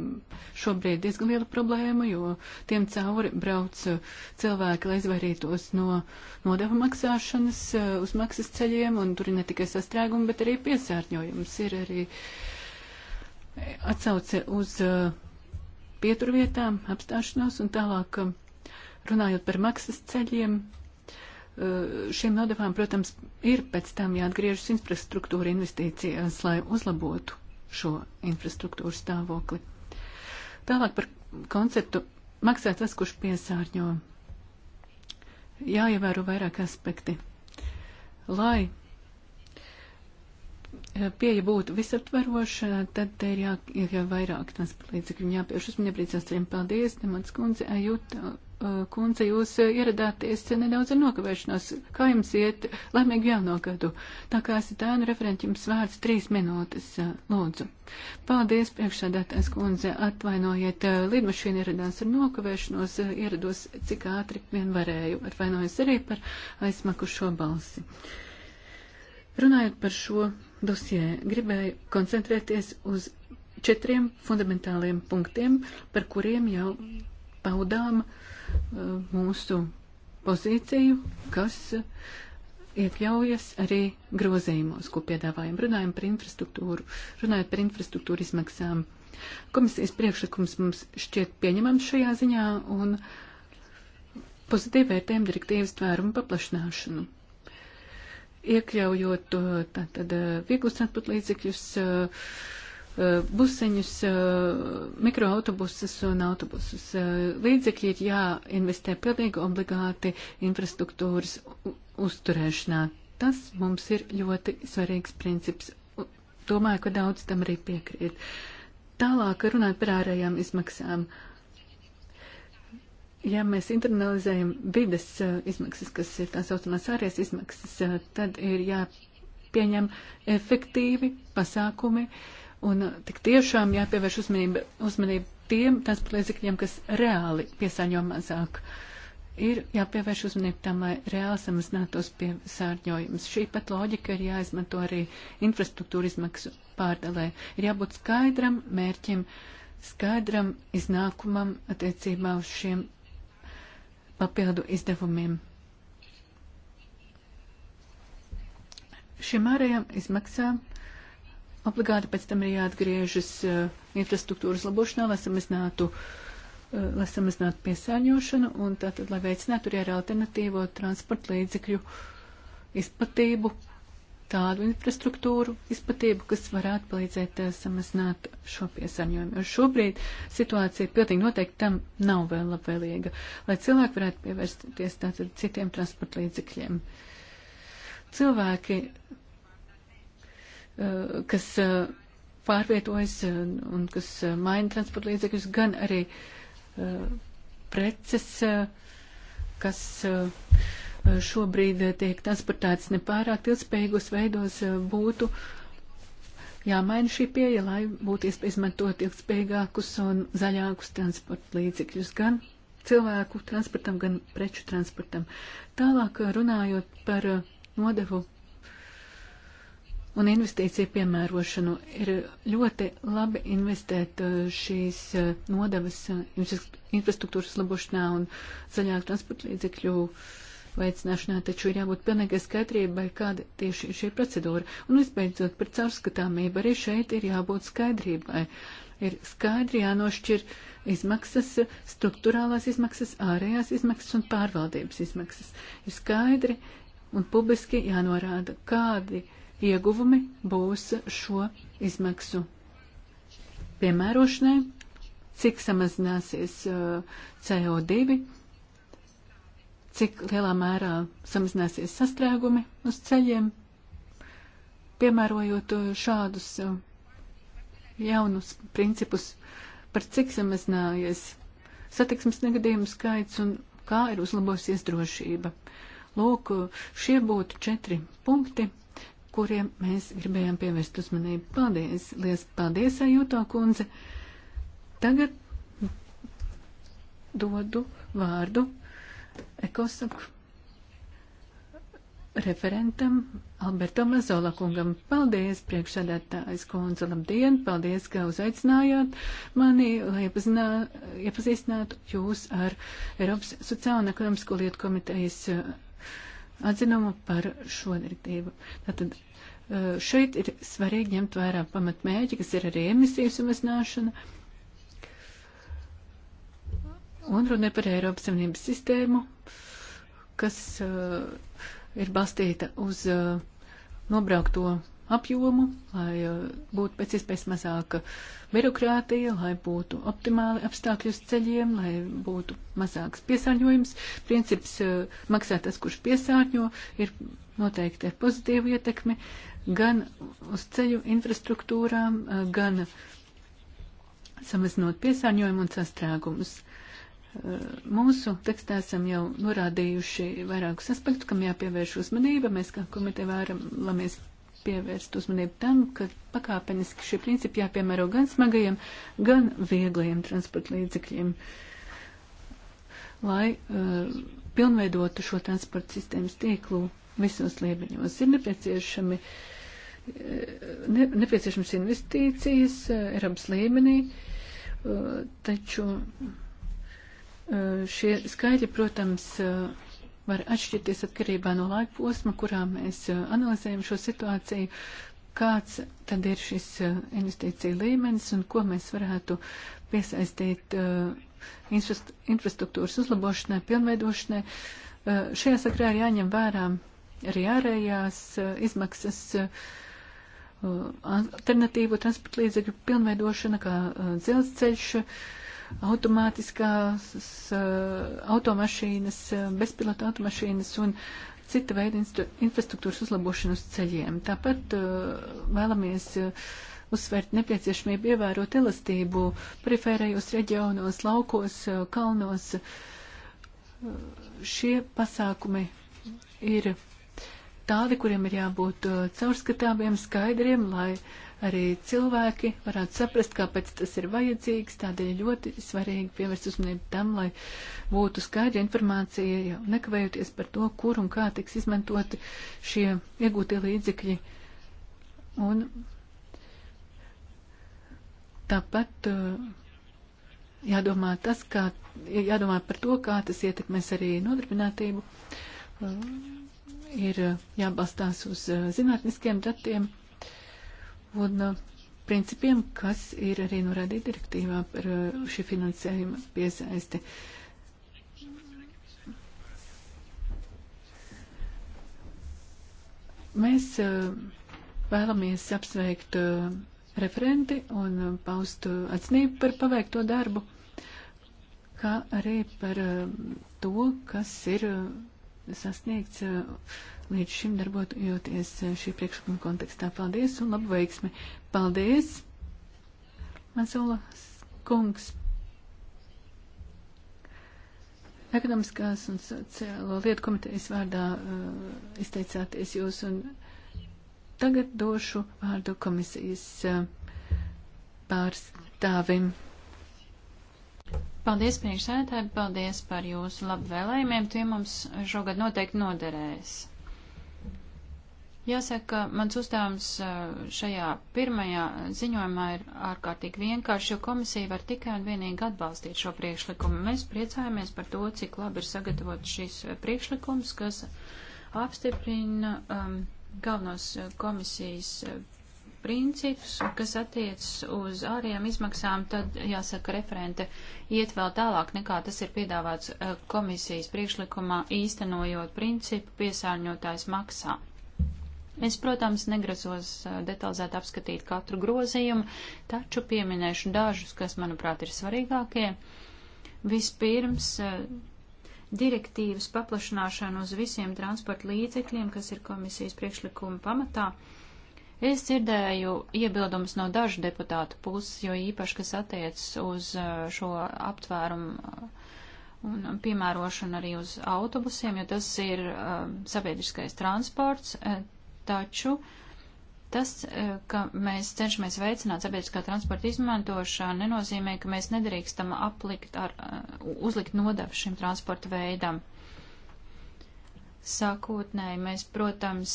šobrīd diezgan liela problēma, jo tiem cauri brauc eh, cilvēki, lai izvairītos no nodevu maksāšanas eh, uz maksas ceļiem, un tur ir ne tikai sastrēgumi, bet arī piesārņojums. Ir arī atsauce uz pieturvietām, apstāšanos un tālāk runājot par maksas ceļiem. Eh, šiem nodevām, protams, ir pēc tam jāatgriežas infrastruktūra investīcijās, lai uzlabotu šo infrastruktūru stāvokli. Tālāk par konceptu maksā tas, kurš piesārņo. Jāievēro vairāk aspekti. Lai eh, pieeja būtu visaptveroša, tad te ir jāiekļauj vairāk transporta līdzekļu. Jāpievērš uzmanība brīdis astriem. Paldies, Demats Kunze, Ajuta Uh, Kunce, jūs uh, ieradāties nedaudz ar nokavēšanos. Kā jums iet? Laimīgi jauno gadu. Tā kā esat ēnu referenti, jums vārds trīs minūtes, uh, lūdzu. Paldies, priekšsādātājs kundze, atvainojiet, lidmašīna ieradās ar nokavēšanos, ierados cik ātri vien varēju. Atvainojos arī par aizmakušo balsi. Runājot par šo dosjē, gribēju koncentrēties uz četriem fundamentāliem punktiem, par kuriem jau paudām eh, mūsu pozīciju, kas iekļaujas arī grozījumos, ko piedāvājam. Runājam par infrastruktūru, runājot par infrastruktūru izmaksām. Komisijas priekšlikums mums šķiet pieņemams šajā ziņā un pozitīvi vērtējam direktīvas tvērumu paplašināšanu. Iekļaujot eh, tātad eh, vieglus atputlīdzekļus, uh, Eh, buseņus, eh, mikroautobusus un autobusus. Eh, līdzekļi ir jāinvestē pilnīgi obligāti infrastruktūras uzturēšanā. Tas mums ir ļoti svarīgs princips. Domāju, ka daudz tam arī piekrīt. Tālāk runāt par ārējām izmaksām. Ja mēs internalizējam vides izmaksas, kas ir tā saucamās ārējās izmaksas, tad ir jāpieņem efektīvi pasākumi, uh, Un uh, tik tiešām jāpievērš uzmanība, uzmanība tiem transportlīdzekļiem, kas reāli piesārņo mazāk. Ir jāpievērš uzmanība tam, lai reāli samazinātos piesārņojums. Šī pat loģika ir jāizmanto arī infrastruktūra izmaksu pārdalē. Ir jābūt skaidram mērķim, skaidram iznākumam attiecībā uz šiem papildu izdevumiem. Šim ārējām izmaksām obligāti pēc tam ir jāatgriežas uh, infrastruktūras labošanā, lai samazinātu, uh, lai samazinātu piesārņošanu un tātad, lai veicinātu arī ar alternatīvo transporta līdzekļu izplatību, tādu infrastruktūru izplatību, kas varētu palīdzēt uh, samazināt šo piesārņojumu. Jo šobrīd situācija pilnīgi noteikti tam nav vēl labvēlīga, lai cilvēki varētu pievērsties tātad citiem transporta līdzekļiem. Cilvēki Eh, kas eh, pārvietojas eh, un kas maina transporta līdzekļus, gan arī preces, kas šobrīd tiek transportētas nepārāk ilgspējīgos veidos, būtu jāmaina šī pieeja, lai būtu iespēja izmantot ilgspējīgākus un zaļākus transporta līdzekļus, gan cilvēku transportam, gan preču transportam. Tālāk runājot par nodevu un investīciju piemērošanu. Ir ļoti labi investēt uh, šīs uh, nodevas uh, infrastruktūras labošanā un zaļāk transporta līdzekļu veicināšanā, taču ir jābūt pilnīgai skaidrībai, kāda tieši ir šī procedūra. Un visbeidzot par caurskatāmību arī šeit ir jābūt skaidrībai. Ir skaidri jānošķir izmaksas, struktūrālās izmaksas, ārējās izmaksas un pārvaldības izmaksas. Ir skaidri un publiski jānorāda, kādi uh, ieguvumi būs šo izmaksu piemērošanai, cik samazināsies eh, CO2, cik lielā mērā samazināsies sastrēgumi uz ceļiem, piemērojot eh, šādus eh, jaunus principus, par cik samazinājies satiksmes negadījumu skaits un kā ir uzlabosies drošība. Lūk, šie būtu četri punkti, kuriem mēs gribējām pievērst uzmanību. Paldies! Lies paldies, Ajūto kundze! Tagad dodu vārdu Ekosak referentam Albertam Lazola kungam. Paldies, priekšsēdētājs kundze, labdien! Paldies, ka uzaicinājāt mani, lai iepazinā, iepazīstinātu jūs ar Eiropas sociāla un ekonomisko lietu komitejas atzinumu par šo direktīvu. Tātad šeit ir svarīgi ņemt vērā pamatmēķi, kas ir arī emisiju samazināšana. Un runa par Eiropas Savienības sistēmu, kas uh, ir balstīta uz uh, nobraukto apjomu, lai eh, būtu pēc iespējas mazāka birokrātija, lai būtu optimāli apstākļi uz ceļiem, lai būtu mazāks piesārņojums. Princips eh, maksā tas, kurš piesārņo, ir noteikti ar pozitīvu ietekmi gan uz ceļu infrastruktūrām, eh, gan samazinot piesārņojumu un sastrēgumus. Mūsu tekstā esam jau norādījuši vairākus aspektus, kam jāpievērš uzmanība. Mēs kā komiteja vēlamies pievērst uzmanību tam, ka pakāpeniski šie principi jāpiemēro gan smagajiem, gan vieglajiem transporta līdzekļiem, lai uh, pilnveidotu šo transporta sistēmas tīklu visos liemeņos. Ir nepieciešami, eh, ne, nepieciešams investīcijas uh, Eiropas līmenī, uh, taču uh, šie skaidri, protams, uh, var atšķirties atkarībā no laika posma, kurā mēs eh, analizējam šo situāciju, kāds tad ir šis eh, investīcija līmenis un ko mēs varētu piesaistīt eh, infrastruktūras uzlabošanai, pilnveidošanai. Šajā sakrā ir jāņem vērā arī ārējās izmaksas alternatīvu transporta līdzekļu pilnveidošana, kā dzelzceļš, uh, automātiskās automašīnas, bezpilota automašīnas un cita veida infrastruktūras uzlabošanu uz ceļiem. Tāpat uh, vēlamies uh, uzsvērt nepieciešamību ievērot elastību perifērējos reģionos, laukos, uh, kalnos. Šie pasākumi ir tādi, kuriem ir jābūt caurskatāmiem, skaidriem, lai uh, arī cilvēki varētu saprast, kāpēc tas ir vajadzīgs. Tādēļ ļoti svarīgi pievērst uzmanību tam, lai būtu skaidra informācija, jau nekavējoties par to, kur un kā tiks izmantoti šie iegūtie līdzekļi. Un tāpat uh, jādomā, tas, kā, jādomā par to, kā tas ietekmēs arī nodarbinātību. Uh, ir uh, jābalstās uz zinātniskiem datiem un uh, principiem, kas ir arī norādīti direktīvā par uh, šī finansējuma piesaisti. Mēs uh, vēlamies apsveikt referenti un paust atzinību par paveikto darbu, kā arī par to, kas ir sasniegts eh, līdz šim darbojoties eh, šī priekšlikuma kontekstā. Paldies un labu veiksmi! Paldies, Mazula kungs! Ekonomiskās un sociālo lietu komitejas vārdā uh, izteicāties jūs un tagad došu vārdu komisijas uh, pārstāvim.
Paldies priekšsēdētāji, paldies par jūsu labvēlējumiem, tie mums šogad noteikti noderēs. Jāsaka, mans uzdevums eh, šajā pirmajā ziņojumā ir ārkārtīgi vienkārši, jo komisija var tikai un vienīgi atbalstīt šo priekšlikumu. Mēs priecājamies par to, cik labi ir sagatavots šis eh, priekšlikums, kas apstiprina um, galvenos eh, komisijas principus, kas attiecas uz ārējām izmaksām, tad, jāsaka, referente iet vēl tālāk nekā tas ir piedāvāts eh, komisijas priekšlikumā, īstenojot principu piesārņotājs maksā. Es, protams, negrasos eh, detalizēt apskatīt katru grozījumu, taču pieminēšu dažus, kas, manuprāt, ir svarīgākie. Vispirms eh, direktīvas paplašināšanu uz visiem transporta līdzekļiem, kas ir komisijas priekšlikuma pamatā. Es dzirdēju iebildumus no dažu deputātu puses, jo īpaši, kas attiecas uz uh, šo aptvērumu uh, un piemērošanu arī uz autobusiem, jo tas ir uh, sabiedriskais transports, taču tas, ka mēs cenšamies veicināt sabiedriskā transporta izmantošanu, nenozīmē, ka mēs nedrīkstam aplikt ar, uzlikt nodevu šim transporta veidam sākotnēji mēs, protams,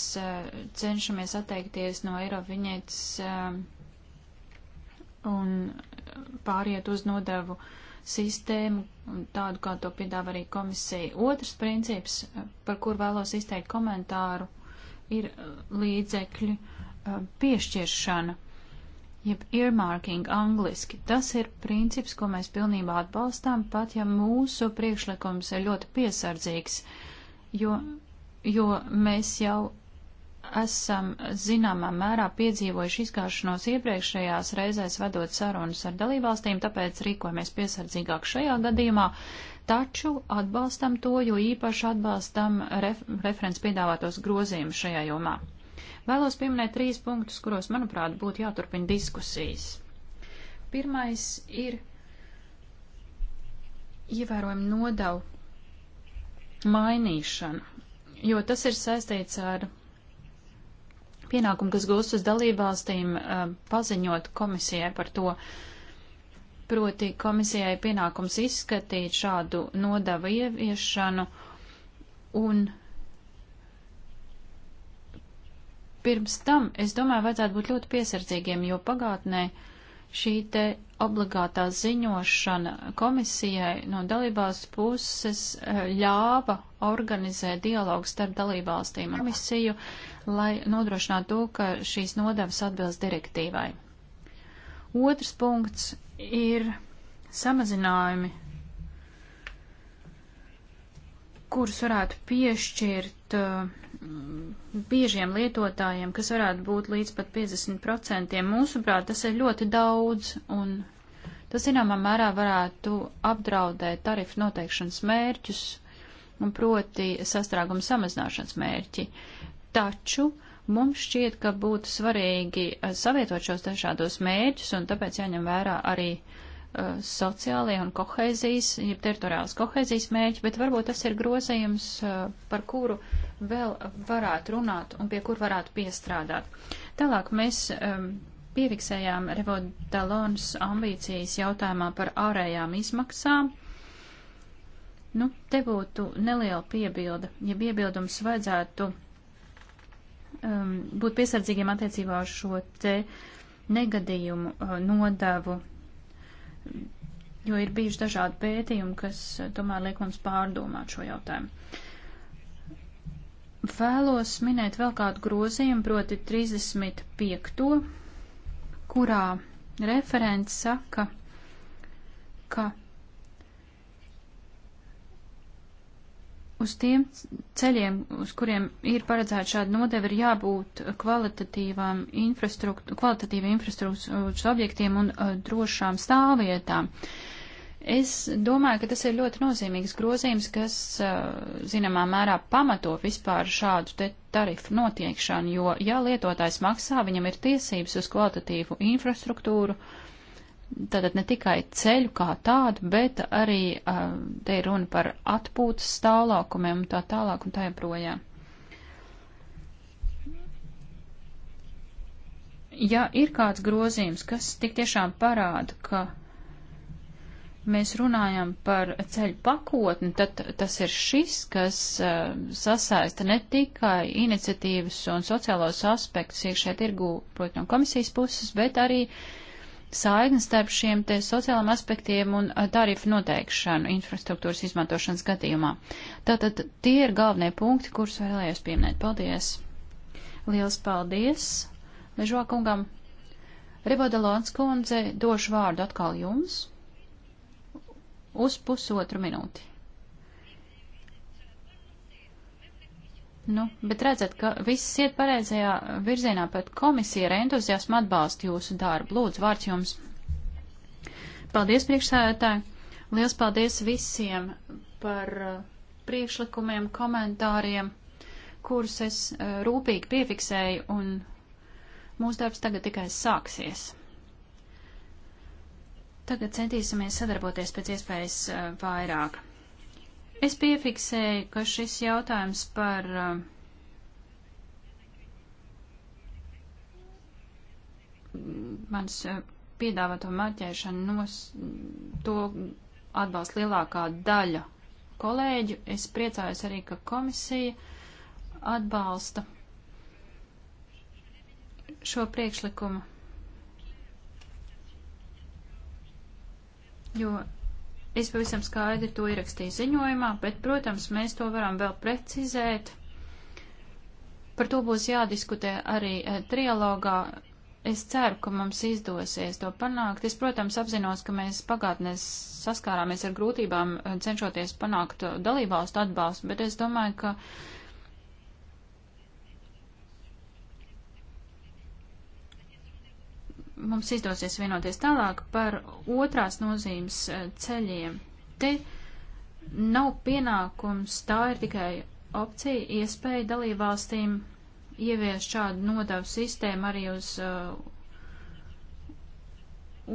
cenšamies atteikties no eiroviņietes un pāriet uz nodevu sistēmu, tādu kā to piedāvā arī komisija. Otrs princips, par kur vēlos izteikt komentāru, ir līdzekļu piešķiršana, jeb earmarking angliski. Tas ir princips, ko mēs pilnībā atbalstām, pat ja mūsu priekšlikums ir ļoti piesardzīgs. Uh, jo, jo mēs jau esam zināmā mērā piedzīvojuši izkāšanos iepriekšējās reizēs vedot sarunas ar dalībvalstīm, tāpēc rīkojamies piesardzīgāk šajā gadījumā, taču atbalstam to, jo īpaši atbalstam ref, referents piedāvātos grozījumus šajā jomā. Vēlos pieminēt trīs punktus, kuros, manuprāt, būtu jāturpina diskusijas. Pirmais ir ievērojami nodevu mainīšanu, jo tas ir saistīts ar pienākumu, kas gūst uz dalībvalstīm eh, paziņot komisijai par to, proti komisijai pienākums izskatīt šādu nodevu ieviešanu un pirms tam, es domāju, vajadzētu būt ļoti piesardzīgiem, jo pagātnē uh, Šī te obligātā ziņošana komisijai no dalībās puses eh, ļāva organizēt dialogu starp dalībvalstīm un komisiju, lai nodrošinātu to, ka šīs nodevas atbilst direktīvai. Otrs punkts ir samazinājumi kurus varētu piešķirt uh, biežiem lietotājiem, kas varētu būt līdz pat 50%. Mūsuprāt, tas ir ļoti daudz, un tas, zināmā mērā, varētu apdraudēt tarifu noteikšanas mērķus, un proti sastrāguma samazināšanas mērķi. Taču mums šķiet, ka būtu svarīgi uh, savietot šos dažādos mērķus, un tāpēc jāņem vērā arī uh, Uh, sociālajie un kohēzijas, jeb teritoriālas kohēzijas mēģi, bet varbūt tas ir grozījums, uh, par kuru vēl varētu runāt un pie kur varētu piestrādāt. Tālāk mēs um, piefiksējām Revodalons ambīcijas jautājumā par ārējām izmaksām. Nu, te būtu neliela piebilda, ja iebildums vajadzētu um, būt piesardzīgiem attiecībā uz šo te negadījumu uh, nodevu jo ir bijuši dažādi pētījumi, kas tomēr liek mums pārdomāt šo jautājumu. Vēlos minēt vēl kādu grozījumu, proti 35. kurā referents saka, ka Uz tiem ceļiem, uz kuriem ir paredzēta šāda nodeva, ir jābūt kvalitatīvām infrastruktūra, kvalitatīvi infrastruktūras objektiem un uh, drošām stāvvietām. Es domāju, ka tas ir ļoti nozīmīgs grozījums, kas, uh, zināmā mērā, pamato vispār šādu te tarifu notiekšanu, jo, ja lietotājs maksā, viņam ir tiesības uz kvalitatīvu infrastruktūru, uh, Tātad ne tikai ceļu kā tādu, bet arī te ir runa par atpūtas stāvlaukumiem un tā tālāk un tā joprojām. ja ir kāds grozījums, kas tik tiešām parāda, ka mēs runājam par ceļu pakotni, tad tas ir šis, kas uh, sasaista ne tikai iniciatīvas un sociālos aspektus iekšē tirgu, protams, no komisijas puses, bet arī uh, saiknes starp šiem te sociālajiem aspektiem un uh, tarifu noteikšanu infrastruktūras izmantošanas gadījumā. Tātad tie ir galvenie punkti, kurus vēlējos pieminēt. Paldies! Liels paldies! Ležvā kungam! Ribodelons kundze, došu vārdu atkal jums uz pusotru minūti. Nu, bet redzat, ka viss iet pareizajā virzienā, bet komisija ar entuziasmu atbalsta jūsu darbu. Lūdzu, vārds jums. Paldies, priekšsēdētāji. Liels paldies visiem par uh, priekšlikumiem, komentāriem, kurus es uh, rūpīgi piefiksēju, un mūsu darbs tagad tikai sāksies. Tagad centīsimies sadarboties pēc iespējas uh, vairāk. Es piefiksēju, ka šis jautājums par eh, mans eh, piedāvāto marķēšanu nos, to atbalsta lielākā daļa kolēģu. Es priecājos arī, ka komisija atbalsta šo priekšlikumu, jo Es pavisam skaidri to ierakstīju ziņojumā, bet, protams, mēs to varam vēl precizēt. Par to būs jādiskutē arī e, trialogā. Es ceru, ka mums izdosies to panākt. Es, protams, apzinos, ka mēs pagātnē saskārāmies ar grūtībām, eh, cenšoties panākt eh, dalībvalstu atbalstu, bet es domāju, ka mums izdosies vienoties tālāk par otrās nozīmes eh, ceļiem. Te nav pienākums, tā ir tikai opcija, iespēja dalībvalstīm ievies šādu nodevu sistēmu arī uz uh,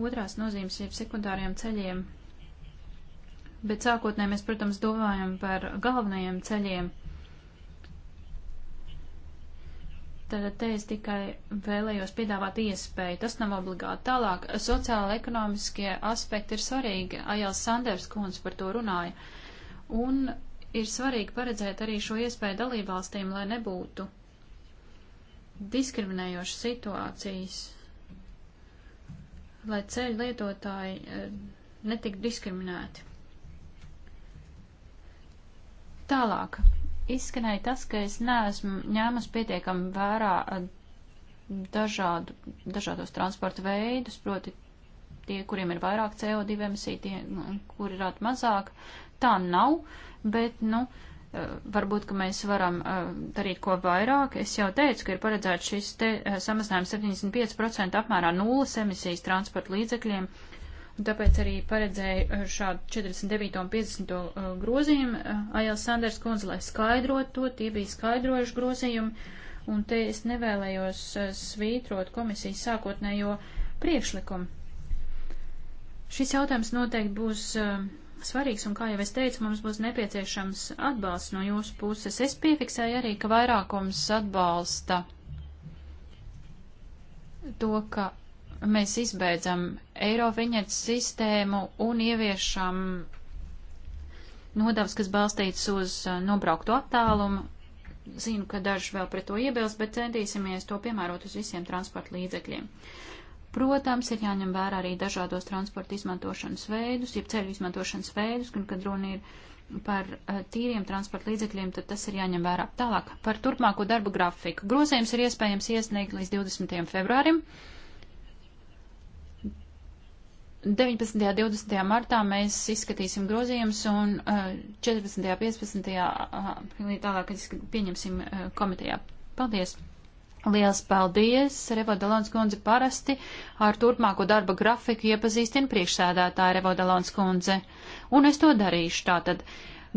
otrās nozīmes, jeb sekundāriem ceļiem. Bet sākotnē mēs, protams, domājam par galvenajiem ceļiem, Tad es tikai vēlējos piedāvāt iespēju. Tas nav obligāti. Tālāk, sociāla ekonomiskie aspekti ir svarīgi. Ajāls Sanders kundze par to runāja. Un ir svarīgi paredzēt arī šo iespēju dalībvalstīm, lai nebūtu diskriminējošas situācijas, lai ceļu lietotāji eh, netiktu diskriminēti. Tālāk, izskanēja tas, ka es neesmu ņēmus pietiekami vērā eh, dažādu, dažādos transporta veidus, proti tie, kuriem ir vairāk CO2 emisija, tie, nu, kuri rāt mazāk. Tā nav, bet, nu, eh, varbūt, ka mēs varam eh, darīt ko vairāk. Es jau teicu, ka ir paredzēts šis te samazinājums 75% apmērā nulles emisijas transporta līdzekļiem. Uh, un tāpēc arī paredzēju eh, šādu 49. un 50. Eh, grozījumu. Eh, Aijels Sanders kundze, lai skaidrot to, tie bija skaidrojuši grozījumi, un te es nevēlējos svītrot komisijas sākotnējo priekšlikumu. Šis jautājums noteikti būs svarīgs, un kā jau es teicu, mums būs nepieciešams atbalsts no jūsu puses. Es piefiksēju arī, ka vairākums atbalsta to, ka mēs izbeidzam Eiroviņets sistēmu un ieviešam nodevs, kas balstīts uz uh, nobrauktu attālumu. Zinu, ka daži vēl pret to iebilst, bet centīsimies to piemērot uz visiem transporta līdzekļiem. Protams, ir jāņem vērā arī dažādos transporta izmantošanas veidus, jeb ceļu izmantošanas veidus, un kad runa ir par uh, tīriem transporta līdzekļiem, tad tas ir jāņem vērā. Tālāk par turpmāko darbu grafiku. Grozījums ir iespējams iesniegt līdz 20. februārim. Uh, 19. un 20. martā mēs izskatīsim grozījumus un 14. un 15. aprīlī tālāk pieņemsim eh, komitejā. Paldies! Liels paldies! Revodalons kundze parasti ar turpmāko darba grafiku iepazīstina priekšsēdētāja Revodalons kundze. Un es to darīšu tātad.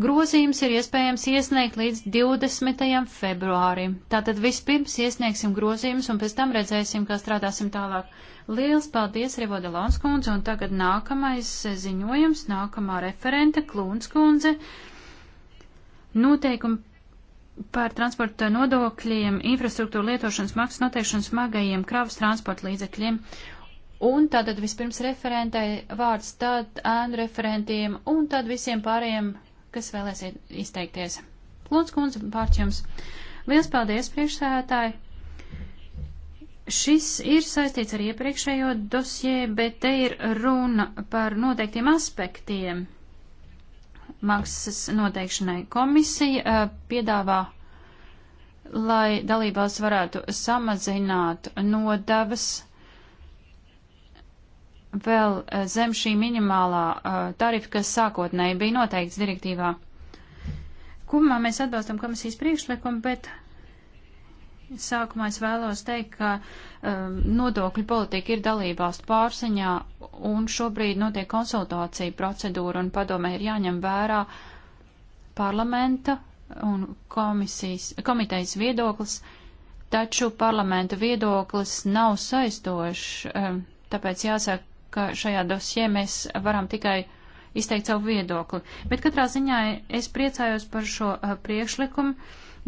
Grozījums ir iespējams iesniegt līdz 20. februārim. Tātad vispirms iesniegsim grozījumus un pēc tam redzēsim, kā strādāsim tālāk. Liels paldies, Revoda Lanskundze, un tagad nākamais ziņojums, nākamā referente, Klūnskundze. Noteikumi par transporta nodokļiem, infrastruktūra lietošanas maksas noteikšanu smagajiem kravas transporta līdzekļiem. Un tātad vispirms referentai vārds, tad ēnu referentiem un tad visiem pārējiem kas vēlēsiet izteikties. Lūdzu, kundze, vārds jums. Liels paldies, priekšsēdētāji! Šis ir saistīts ar iepriekšējo dosie, bet te ir runa par noteiktiem aspektiem. Maksas noteikšanai komisija eh, piedāvā, lai dalībās varētu samazināt nodavas vēl eh, zem šī minimālā eh, tarifa, kas sākotnēji bija noteikts direktīvā. Kumā mēs atbalstam komisijas priekšlikumu, bet sākumā es vēlos teikt, ka eh, nodokļu politika ir dalībvalstu pārziņā un šobrīd notiek konsultācija procedūra un padomē ir jāņem vērā parlamenta un komisijas, komitejas viedoklis, taču parlamenta viedoklis nav saistošs. Tāpēc jāsaka, ka šajā dosjē mēs varam tikai izteikt savu viedokli. Bet katrā ziņā es priecājos par šo uh, priekšlikumu,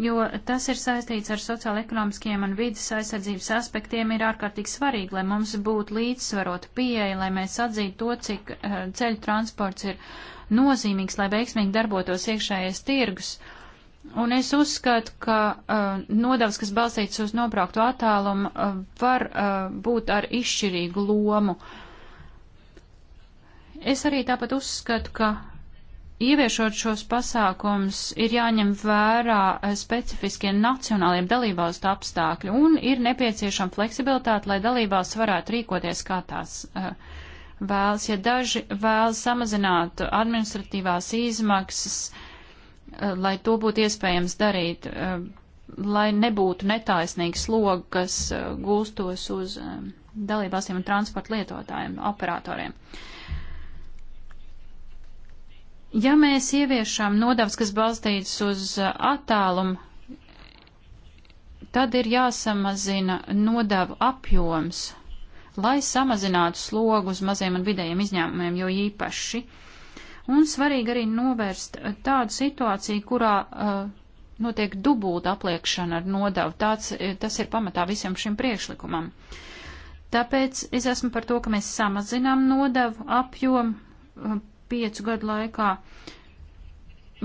jo tas ir saistīts ar sociāla-ekonomiskiem un vidas aizsardzības aspektiem, ir ārkārtīgi svarīgi, lai mums būtu līdzsvarota pieeja, lai mēs atzītu to, cik uh, ceļu transports ir nozīmīgs, lai veiksmīgi darbotos iekšējais tirgus. Un es uzskatu, ka uh, nodevs, kas balstīts uz nobrauktu attālumu, uh, var uh, būt ar izšķirīgu lomu uh, Es arī tāpat uzskatu, ka ieviešot šos pasākums ir jāņem vērā eh, specifiskie nacionāliem dalībvalstu apstākļi un ir nepieciešama fleksibilitāte, lai dalībvalsts varētu rīkoties kā tās uh, vēlas, ja daži vēlas samazināt administratīvās izmaksas, eh, lai to būtu iespējams darīt, lai nebūtu netaisnīgi slogi, kas gulstos uz dalībvalstīm un transporta lietotājiem, operatoriem. Uh, Ja mēs ieviešam nodevs, kas balstīts uz uh, attālumu, tad ir jāsamazina nodevu apjoms, lai samazinātu slogu uz maziem un vidējiem izņēmumiem, jo īpaši. Un svarīgi arī novērst uh, tādu situāciju, kurā uh, notiek dubulta apliekšana ar nodevu. Tāds, uh, tas ir pamatā visam šim priekšlikumam. Tāpēc es esmu par to, ka mēs samazinām nodevu apjomu piecu gadu laikā.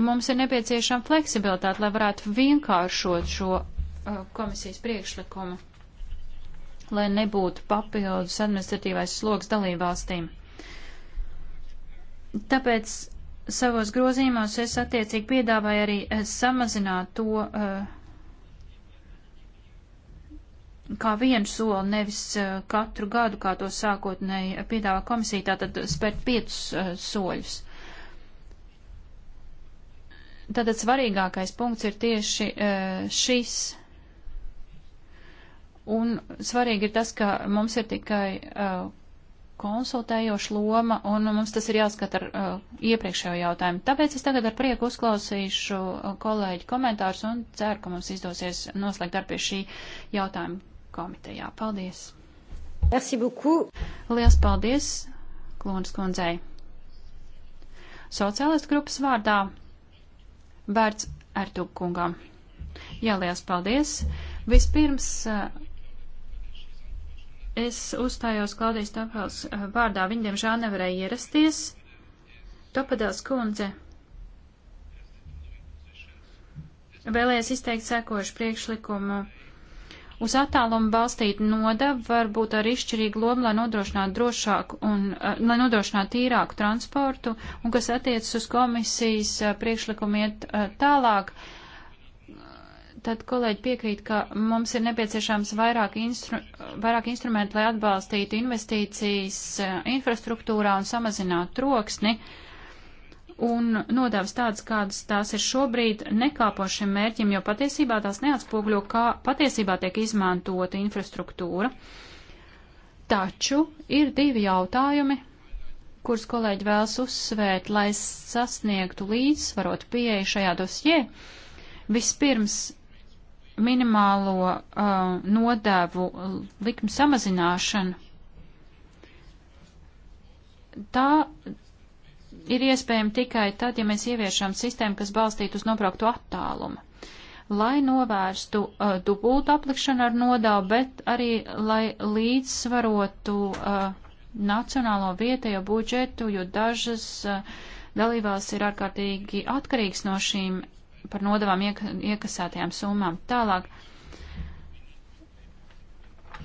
Mums ir nepieciešama fleksibilitāte, lai varētu vienkāršot šo uh, komisijas priekšlikumu, lai nebūtu papildus administratīvais sloks dalībvalstīm. Tāpēc savos grozījumos es attiecīgi piedāvāju arī eh, samazināt to uh, kā vienu soli, nevis eh, katru gadu, kā to sākotnēji piedāvā komisija, tātad spērt piecus uh, soļus. Tātad svarīgākais punkts ir tieši uh, šis. Un svarīgi ir tas, ka mums ir tikai uh, konsultējoša loma, un mums tas ir jāskata ar uh, iepriekšējo jautājumu. Tāpēc es tagad ar prieku uzklausīšu kolēģi komentārus un ceru, ka mums izdosies noslēgt darbu pie šī jautājuma komitejā. Paldies! Merci beaucoup! Lielas paldies, Klonas kundzei! Sociālistu grupas vārdā vērts Ertug kungam. Jā, liels paldies! Vispirms eh, es uzstājos Klaudijas Topels eh, vārdā. Viņa diemžēl nevarēja ierasties. Topadels kundze vēlējas izteikt sekošu priekšlikumu Uz attālumu balstīta nodev var būt ar izšķirīgu lomu, lai nodrošinātu drošāku un, eh, lai nodrošinātu tīrāku transportu, un kas attiecas uz komisijas eh, priekšlikumu iet eh, tālāk, tad kolēģi piekrīt, ka mums ir nepieciešams vairāk, instru, vairāk instrumentu, lai atbalstītu investīcijas infrastruktūrā un samazinātu troksni. Uh, un nodevs tādas, kādas tās ir šobrīd, nekāpo šim mērķim, jo patiesībā tās neatspogļo, kā patiesībā tiek izmantota infrastruktūra. Taču ir divi jautājumi, kurus kolēģi vēlas uzsvērt, lai sasniegtu līdzsvarot pieeju šajā dosjē. Vispirms minimālo uh, nodevu likuma samazināšana. Tā ir iespējama tikai tad, ja mēs ieviešam sistēmu, kas balstītu uz nobrauktu attālumu. Lai novērstu uh, dubultu aplikšanu ar nodevu, bet arī lai līdzsvarotu uh, nacionālo vietējo budžetu, jo dažas uh, dalībās ir ārkārtīgi atkarīgs no šīm par nodevām iek iekasētajām summām. Tālāk, uh,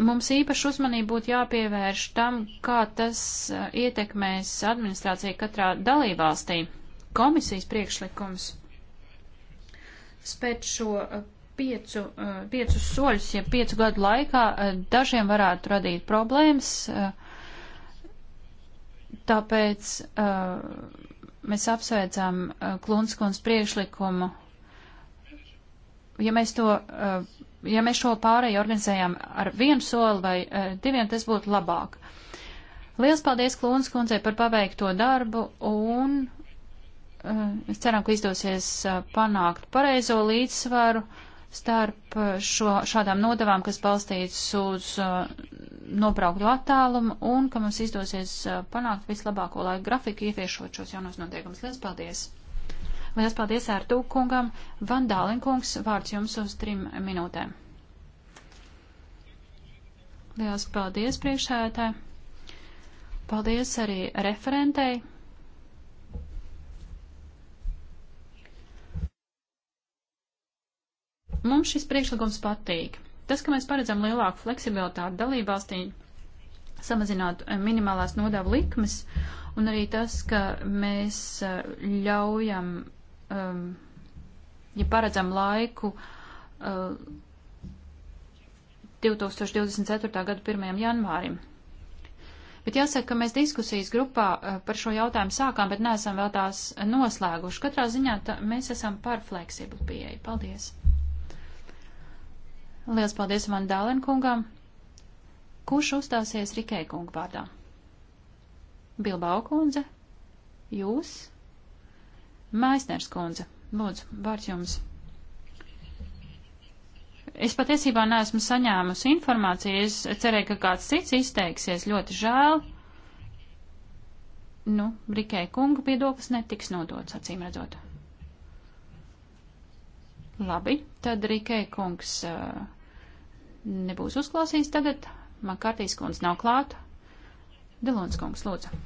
Mums īpaši uzmanību būtu jāpievērš tam, kā tas ietekmēs administrāciju katrā dalībvalstī. Komisijas priekšlikums spēt šo piecu, piecus soļus, ja piecu gadu laikā dažiem varētu radīt problēmas, tāpēc mēs apsveicām Klunskundas priekšlikumu. Ja mēs to ja mēs šo pārēju organizējam ar vienu soli vai e, diviem, tas būtu labāk. Liels paldies Klūnas kundzei par paveikto darbu un es ceram, ka izdosies e, panākt pareizo līdzsvaru starp e, šo, šādām nodevām, kas balstītas uz nobrauktu attālumu un ka mums izdosies panākt vislabāko laiku grafiku, ieviešot šos jaunos noteikumus. Liels paldies! Lielas paldies ērtū kungam. Van Dālinkungs, vārds jums uz trim minūtēm. Lielas paldies priekšsēdētāji. Paldies arī referentei. Mums šis priekšlikums patīk. Tas, ka mēs paredzam lielāku fleksibilitāti dalībvalstī, samazināt eh, minimālās nodevu likmes, un arī tas, ka mēs eh, ļaujam um, ja paredzam laiku uh, 2024. gada 1. janvārim. Bet jāsaka, ka mēs diskusijas grupā uh, par šo jautājumu sākām, bet neesam vēl tās noslēguši. Katrā ziņā tā, mēs esam par fleksiblu pieeju. Paldies! Lielas paldies man Dālenkungam! Kurš uzstāsies Rikei kungu vārdā? Bilbao kundze? Jūs? Maisners kundze, lūdzu, vārds jums. Es patiesībā neesmu saņēmusi informāciju, es cerēju, ka kāds cits izteiksies, ļoti žēl. Nu, Rikēja kunga viedoklis netiks nodots, acīm redzot. Labi, tad Rikēja kungs uh, nebūs uzklausījis tagad, man kārtīs kundze nav klāta. Dilons kungs, lūdzu.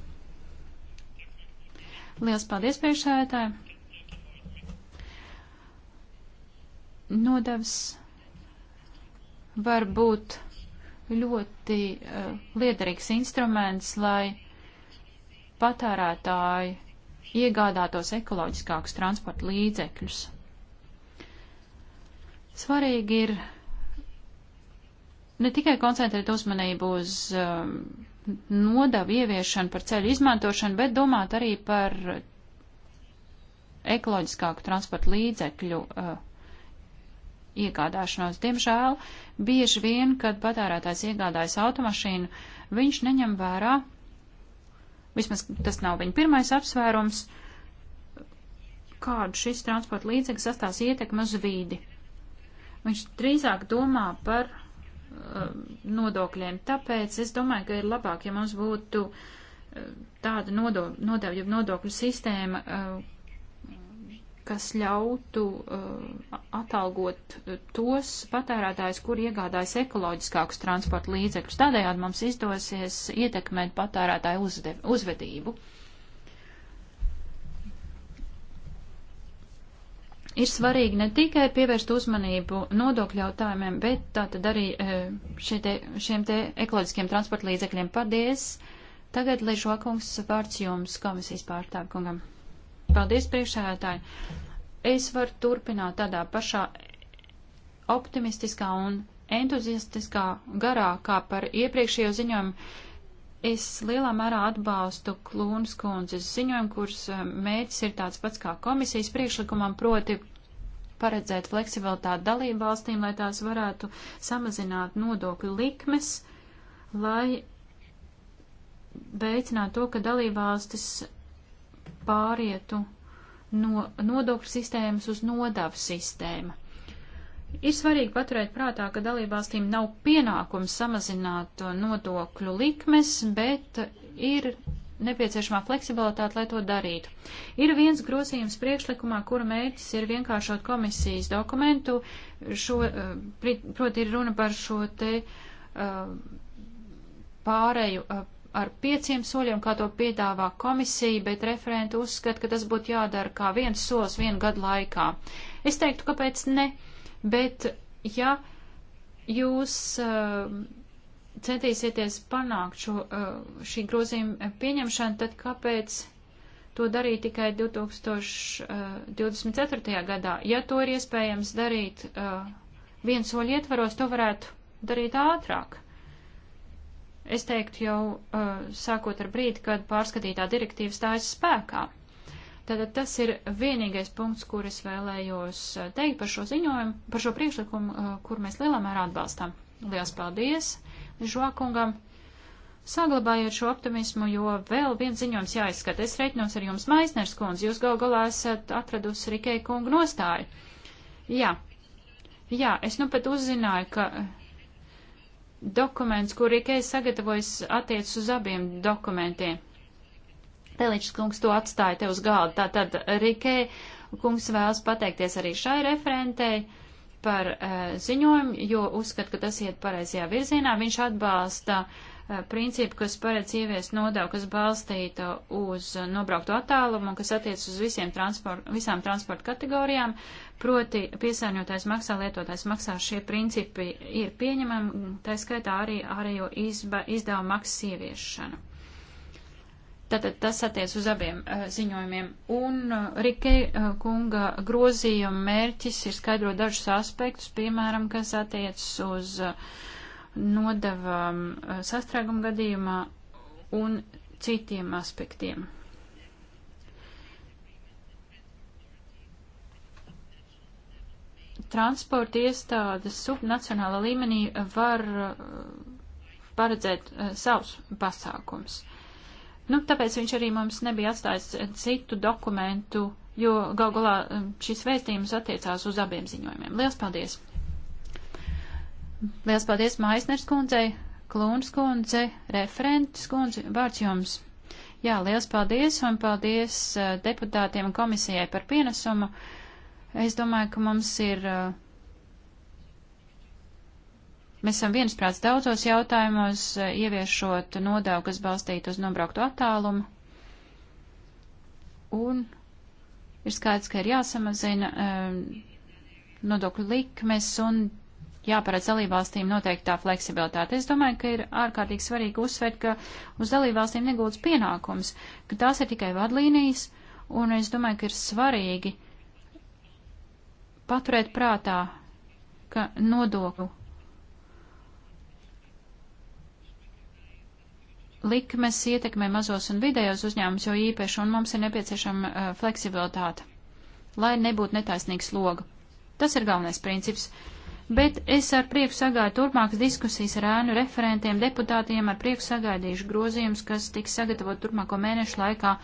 Liels paldies priekšsēdētāji. Nodevs var būt ļoti uh, liederīgs instruments, lai patērētāji iegādātos ekoloģiskākus transporta līdzekļus. Svarīgi ir ne tikai koncentrēt uzmanību uz um, uh, nodavu ieviešanu, par ceļu izmantošanu, bet domāt arī par ekoloģiskāku transporta līdzekļu uh, iegādāšanos. Diemžēl bieži vien, kad patērētājs iegādājas automašīnu, viņš neņem vērā, vismaz tas nav viņa pirmais apsvērums, kādu šis transporta līdzeklis sastās ietekmi uz vīdi. Viņš drīzāk domā par Um, nodokļiem. Tāpēc es domāju, ka ir labāk, ja mums būtu uh, tāda nodokļu, nodokļu sistēma, uh, kas ļautu uh, atalgot tos patērētājus, kuri iegādājas ekoloģiskākus transporta līdzekļus. Tādējādi mums izdosies ietekmēt patērētāju uzvedību. ir svarīgi ne tikai pievērst uzmanību nodokļu jautājumiem, bet tātad arī eh, šie te, šiem te ekoloģiskiem transporta līdzekļiem. Paldies! Tagad Ležokungs vārds jums, komisijas pārstāvkungam. Paldies, priekšsēdētāji! Es varu turpināt tādā pašā optimistiskā un entuziastiskā garā, kā par iepriekšējo ziņojumu Es lielā mērā atbalstu Klūnas kundzes ziņojumu, kuras eh, mērķis ir tāds pats kā komisijas priekšlikumam, proti paredzēt fleksibilitāti dalību valstīm, lai tās varētu samazināt nodokļu likmes, lai veicinātu to, ka dalību valstis pārietu no nodokļu sistēmas uz nodavu sistēmu. Ir svarīgi paturēt prātā, ka dalībvalstīm nav pienākums samazināt nodokļu likmes, bet ir nepieciešamā fleksibilitāte, lai to darītu. Ir viens grozījums priekšlikumā, kura mērķis ir vienkāršot komisijas dokumentu, šo, eh, proti ir runa par šo te eh, pārēju eh, ar pieciem soļiem, kā to piedāvā komisija, bet referenti uzskata, ka tas būtu jādara kā viens solis vienu gadu laikā. Es teiktu, kāpēc ne? Bet, ja jūs uh, centīsieties panākt šo, uh, šī grozījuma pieņemšanu, tad kāpēc to darīt tikai 2024. Uh, gadā? Ja to ir iespējams darīt uh, viens soļu ietvaros, to varētu darīt ātrāk. Es teiktu jau uh, sākot ar brīdi, kad pārskatītā direktīva stājas spēkā. Tātad tas ir vienīgais punkts, kur es vēlējos eh, teikt par šo ziņojumu, par šo priekšlikumu, eh, kur mēs lielā mērā atbalstām. Lielas paldies Žokungam! Saglabājiet šo optimismu, jo vēl viens ziņojums jāizskata. Es reiķinos ar jums, Maisners kundze, jūs gal galā esat atradusi Rikei kungu nostāju. Jā, jā, es nu pat uzzināju, ka eh, dokuments, kur Rikei sagatavojas, attiec uz abiem dokumentiem. Teličs kungs to atstāja te uz galda. Tātad Rikē kungs vēlas pateikties arī šai referentei par uh, ziņojumu, jo uzskat, ka tas iet pareizajā virzienā. Viņš atbalsta uh, principu, kas paredz ieviest nodevu, kas balstīta uz nobraukto attālumu un kas attiec uz visiem transport, visām transporta kategorijām, proti piesārņotais maksā, lietotais maksā. Šie principi ir pieņemami, tā skaitā arī ārējo izdevumu maksas ieviešanu. Tātad tas attiec uz abiem uh, ziņojumiem. Un uh, eh, Rikei uh, kunga grozījuma mērķis ir skaidrot dažus aspektus, piemēram, kas attiec uz uh, nodevām uh, sastrēguma gadījumā un citiem aspektiem. transporta iestādes subnacionāla līmenī var paredzēt savus pasākums. Nu, tāpēc viņš arī mums nebija atstājis citu dokumentu, jo gal galā um, šis vēstījums attiecās uz abiem ziņojumiem. Lielas paldies! Lielas paldies Maisners kundzei, Klūnas kundze, referentes kundze, vārds jums! Jā, liels paldies un paldies uh, deputātiem un komisijai par pienesumu. Es domāju, ka mums ir uh, Mēs esam viensprāts daudzos jautājumos, ieviešot nodevu, kas balstītu uz nobrauktu attālumu. Un ir skaidrs, ka ir jāsamazina um, nodokļu likmes un jāparedz dalībvalstīm noteiktā fleksibilitāte. Es domāju, ka ir ārkārtīgi svarīgi uzsvērt, ka uz dalībvalstīm negūtas pienākums, ka tās ir tikai vadlīnijas, un es domāju, ka ir svarīgi paturēt prātā, ka nodokļu likmes ietekmē mazos un vidējos uzņēmumus jau īpaši, un mums ir nepieciešama uh, fleksibilitāte, lai nebūtu netaisnīgs sloga. Tas ir galvenais princips. Bet es ar prieku sagaidu turpmākas diskusijas ar ēnu referentiem, deputātiem, ar prieku sagaidīšu grozījumus, kas tiks sagatavot turpmāko mēnešu laikā.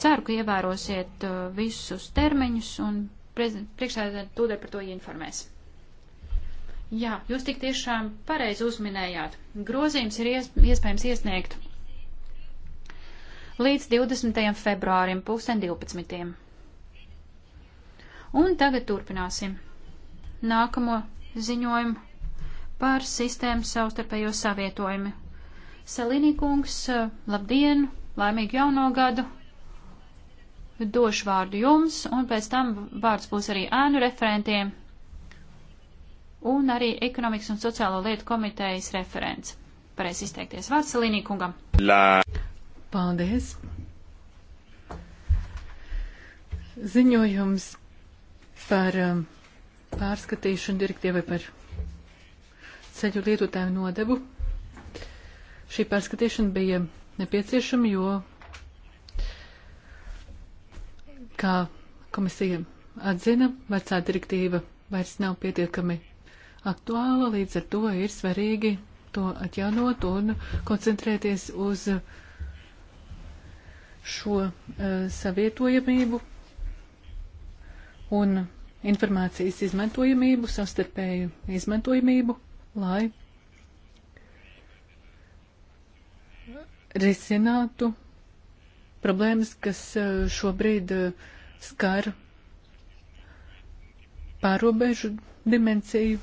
Ceru, ka ievērosiet uh, visus termiņus un priekšsēdētāji tūdēļ par to ieinformēs. Jā, jūs tik tiešām pareizi uzminējāt. Grozījums ir ies, iespējams iesniegt līdz 20. februārim pusdien 12. Un tagad turpināsim nākamo ziņojumu par sistēmu savstarpējo savietojumu. Salinīkungs, labdien, laimīgu jauno gadu! Došu vārdu jums, un pēc tam vārds būs arī ēnu referentiem un arī ekonomikas un sociālo lietu komitejas referents. Pareiz izteikties vārds Salinīkungam.
La... Paldies! Ziņojums par um, pārskatīšanu direktīvai par ceļu lietotāju nodevu. Šī pārskatīšana bija nepieciešama, jo, kā komisija atzina, vecā direktīva vairs nav pietiekami aktuāla, līdz ar to ir svarīgi to atjaunot un koncentrēties uz uh, šo uh, savietojamību un informācijas izmantojamību, savstarpēju izmantojamību, lai risinātu problēmas, kas uh, šobrīd uh, skar pārobežu dimensiju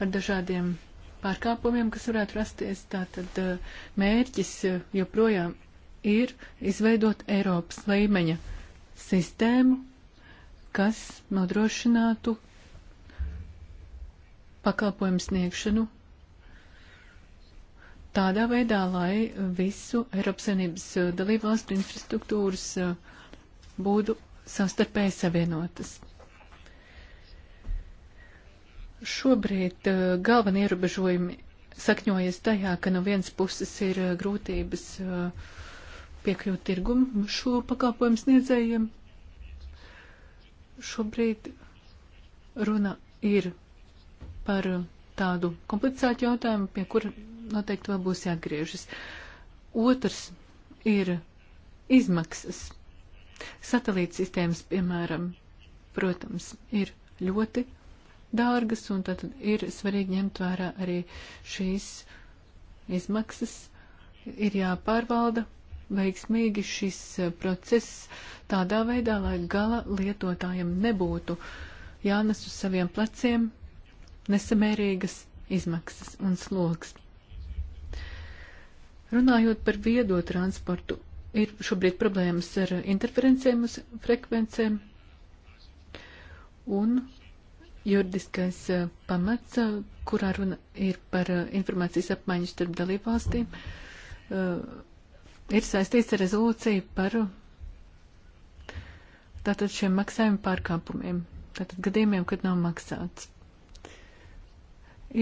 ar dažādiem pārkāpumiem, kas varētu rasties. Tātad mērķis joprojām ir izveidot Eiropas līmeņa sistēmu, kas nodrošinātu pakalpojumu sniegšanu tādā veidā, lai visu Eiropas Savienības eh, dalībvalstu infrastruktūras eh, būtu savstarpēji savienotas. Šobrīd eh, galvenie ierobežojumi sakņojas tajā, ka no vienas puses ir grūtības uh, piekļūt tirgumu šo pakalpojumu sniedzējiem. Šobrīd runa ir par tādu komplicētu jautājumu, pie kura noteikti vēl būs jāgriežas. Otrs ir izmaksas. Satelīta sistēmas, piemēram, protams, ir ļoti dārgas, un tad ir svarīgi ņemt vērā arī šīs izmaksas. Ir jāpārvalda veiksmīgi šis eh, process tādā veidā, lai gala lietotājiem nebūtu jānes uz saviem pleciem nesamērīgas izmaksas un sloks. Runājot par viedo transportu, ir šobrīd problēmas ar interferencēm uz frekvencēm un juridiskais eh, pamats, eh, kurā runa ir par informācijas apmaiņu starp dalībvalstīm. Uh, ir saistīts ar rezolūciju par tātad šiem maksājumu pārkāpumiem, tātad gadījumiem, kad nav maksāts.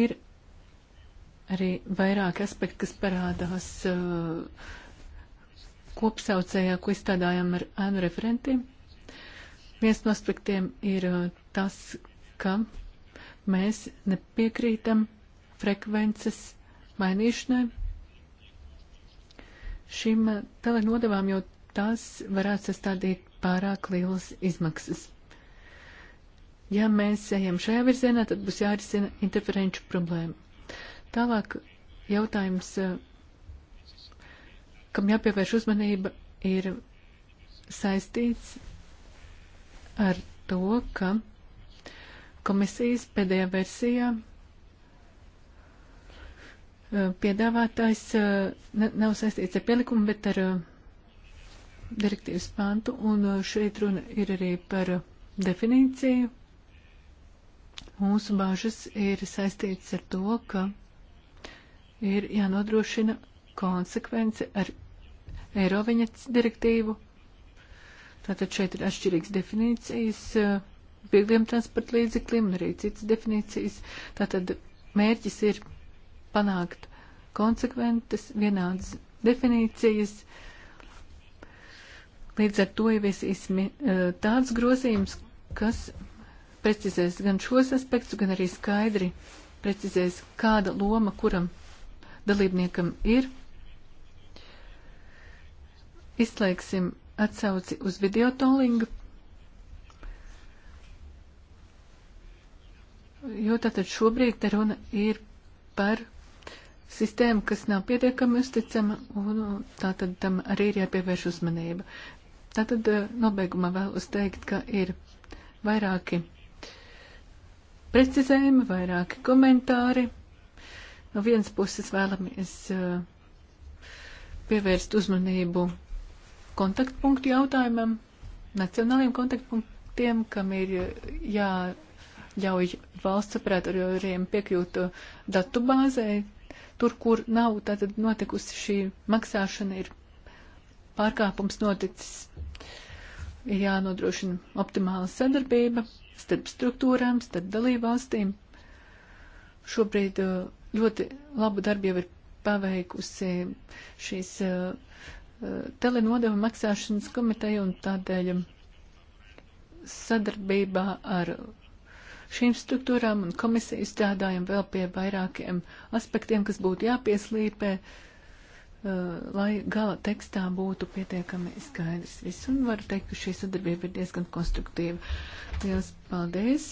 Ir arī vairāki aspekti, kas parādās uh, kopsaucējā, ko izstādājām ar ēnu referentiem. Viens no aspektiem ir uh, tas, ka mēs nepiekrītam frekvences mainīšanai šīm telenodevām, jo tās varētu sastādīt pārāk lielas izmaksas. Ja mēs ejam šajā virzienā, tad būs jārisina interferenču problēma. Tālāk jautājums, kam jāpievērš uzmanība, ir saistīts ar to, ka komisijas pēdējā versijā piedāvātājs nav saistīts ar pielikumu, bet ar direktīvas pantu, un šeit runa ir arī par definīciju. Mūsu bāžas ir saistīts ar to, ka ir jānodrošina konsekvence ar Eiroviņas direktīvu. Tātad šeit ir atšķirīgs definīcijas viegliem transporta līdzekļiem un arī citas definīcijas. Tātad mērķis ir panākt konsekventas, vienādas definīcijas. Līdz ar to ieviesīsim e, tāds grozījums, kas precizēs gan šos aspektus, gan arī skaidri precizēs, kāda loma kuram dalībniekam ir. Izslēgsim atsauci uz videotolingu, jo tātad šobrīd te runa ir par sistēma, kas nav pietiekami uzticama, un tā tad tam arī ir jāpievērš uzmanība. Tātad eh, nobeigumā vēlos teikt, ka ir vairāki precizējumi, vairāki komentāri. No vienas puses vēlamies eh, pievērst uzmanību kontaktpunktu jautājumam, nacionāliem kontaktpunktiem, kam ir eh, jā ļauj valsts operatoriem piekļūt datu bāzē, Tur, kur nav tātad notikusi šī maksāšana, ir pārkāpums noticis. Ir jānodrošina optimāla sadarbība starp struktūrām, starp dalībvalstīm. Šobrīd uh, ļoti labu darbu jau ir paveikusi šīs uh, uh, telenodeva maksāšanas komiteja un tādēļ sadarbībā ar šīm struktūrām, un komisija strādājam vēl pie vairākiem aspektiem, kas būtu jāpieslīpē, uh, lai gala tekstā būtu pietiekami skaidrs viss. Un varu teikt, ka šī sadarbība ir diezgan konstruktīva. Lielas paldies!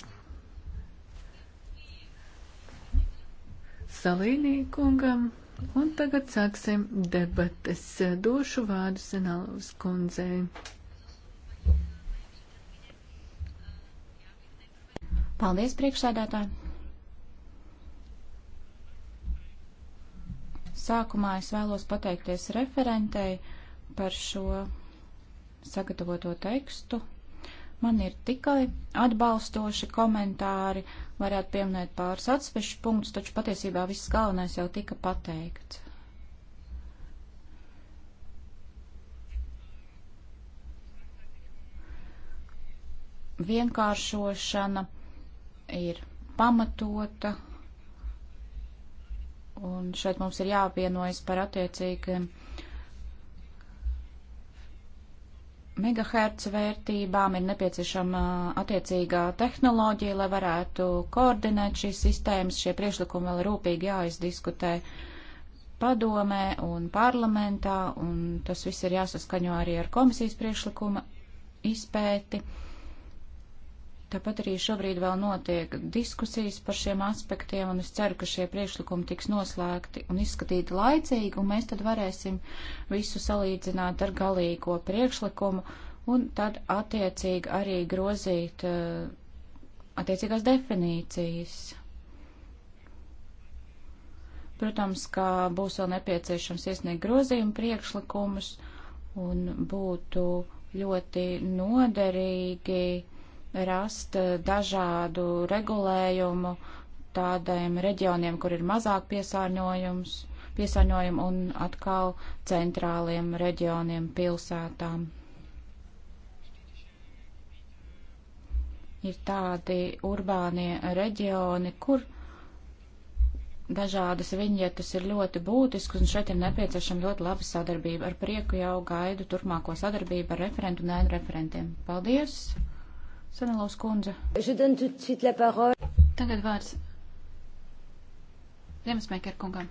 Salīnī kungam. Un tagad sāksim debates. Došu vārdu Senālavas kundzei. Paldies, priekšsēdētāji!
Sākumā es vēlos pateikties referentei par šo sagatavoto tekstu. Man ir tikai atbalstoši komentāri, varētu pieminēt pāris atsevišķus punktus, taču patiesībā viss galvenais jau tika pateikts. Vienkāršošana ir pamatota, un šeit mums ir jāapvienojas par attiecīgiem megahertz vērtībām, ir nepieciešama attiecīgā tehnoloģija, lai varētu koordinēt šīs sistēmas. Šie priešlikumi vēl rūpīgi jāizdiskutē padomē un parlamentā, un tas viss ir jāsaskaņo arī ar komisijas priešlikuma izpēti. Uh, Tāpat arī šobrīd vēl notiek diskusijas par šiem aspektiem, un es ceru, ka šie priekšlikumi tiks noslēgti un izskatīti laicīgi, un mēs tad varēsim visu salīdzināt ar galīgo priekšlikumu, un tad attiecīgi arī grozīt uh, attiecīgās definīcijas. Protams, ka būs vēl nepieciešams iesniegt grozījumu priekšlikumus, un būtu ļoti noderīgi rast eh, dažādu regulējumu tādiem reģioniem, kur ir mazāk piesārņojums, piesārņojumu un atkal centrāliem reģioniem pilsētām. Ir tādi urbānie reģioni, kur dažādas viņietas ir ļoti būtiskas, un šeit ir nepieciešama ļoti laba sadarbība. Ar prieku jau gaidu turpmāko sadarbību ar referentu un ēnu referentiem. Paldies!
Senelovs kundze. Tagad vārds Riemsmēker kungam.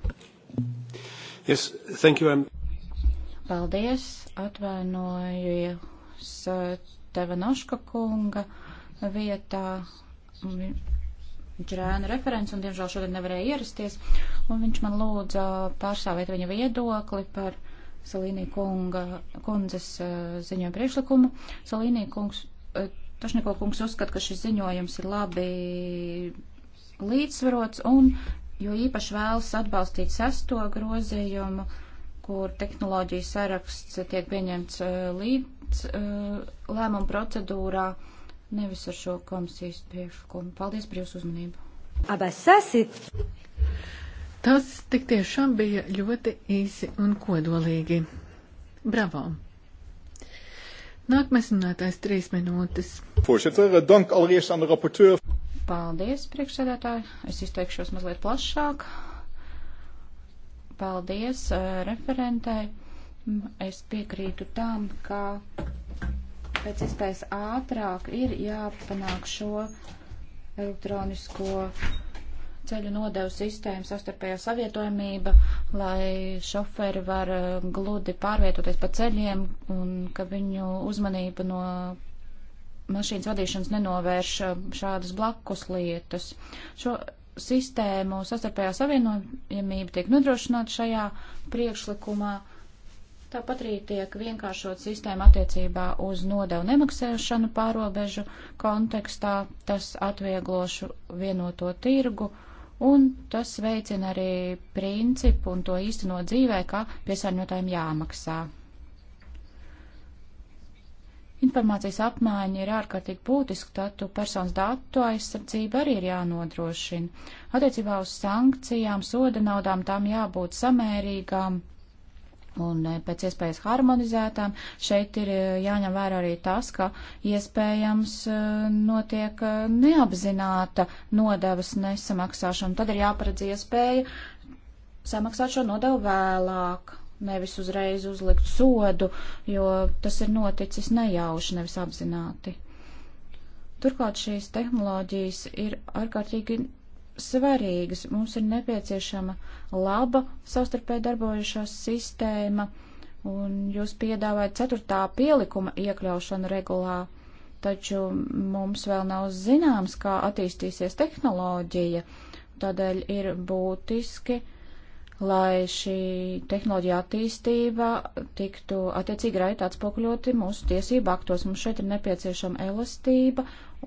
Yes, thank you. I'm... Um,
Paldies, atvainojos uh, Teva Noška kunga vietā. Viņš ir ēna referents un, diemžēl, šodien nevarēja ierasties. Un viņš man lūdza pārstāvēt viņa viedokli par Salīnī kunga, kundzes uh, ziņojumu priekšlikumu. Salīnī kungs uh, Tošņiko kungs uzskata, ka šis ziņojums ir labi līdzsvarots un jo īpaši vēlas atbalstīt sesto grozījumu, kur tehnoloģiju saraksts tiek pieņemts eh, līdz eh, lēmumu procedūrā, nevis ar šo komisijas priekšlikumu. Paldies par jūsu uzmanību. Abas
esat! Tas tik tiešām bija ļoti īsi un kodolīgi. Bravo! Nākamais runātājs trīs minūtes. Voorzitter, eh, dank allereerst aan de rapporteur. Paldies, priekšsēdētāji. Es izteikšos
mazliet plašāk. Paldies uh, eh, referentai. Es piekrītu tam, ka pēc iespējas ātrāk ir jāpanāk šo elektronisko uh, ceļu nodevu sistēma, sastarpējā savietojamība, lai šoferi var uh, gludi pārvietoties pa ceļiem un ka viņu uzmanība no mašīnas vadīšanas nenovērš uh, šādas blakus lietas. Šo sistēmu sastarpējā savienojamība tiek nodrošināta šajā priekšlikumā. Tāpat arī tiek vienkāršot sistēma attiecībā uz nodevu nemaksāšanu pārobežu kontekstā. Tas atvieglošu vienoto tirgu un tas veicina arī principu un to īstenot dzīvē, ka piesārņotājiem jāmaksā. Informācijas apmaiņa ir ārkārtīgi būtiska, tātad personas datu aizsardzība arī ir jānodrošina. Attiecībā uz sankcijām, soda naudām tām jābūt samērīgām un e, pēc iespējas harmonizētām. Šeit ir e, jāņem vērā arī tas, ka iespējams e, notiek neapzināta nodevas nesamaksāšana. Tad ir jāparedz iespēja samaksāt šo nodevu vēlāk, nevis uzreiz uzlikt sodu, jo tas ir noticis nejauši, nevis apzināti. Turklāt šīs tehnoloģijas ir ārkārtīgi svarīgas. Mums ir nepieciešama laba savstarpēji darbojušās sistēma, un jūs piedāvājat ceturtā pielikuma iekļaušanu regulā, taču mums vēl nav zināms, kā attīstīsies tehnoloģija, tādēļ ir būtiski, lai šī tehnoloģija attīstība tiktu attiecīgi raiti atspoguļoti mūsu tiesību aktos. Mums šeit ir nepieciešama elastība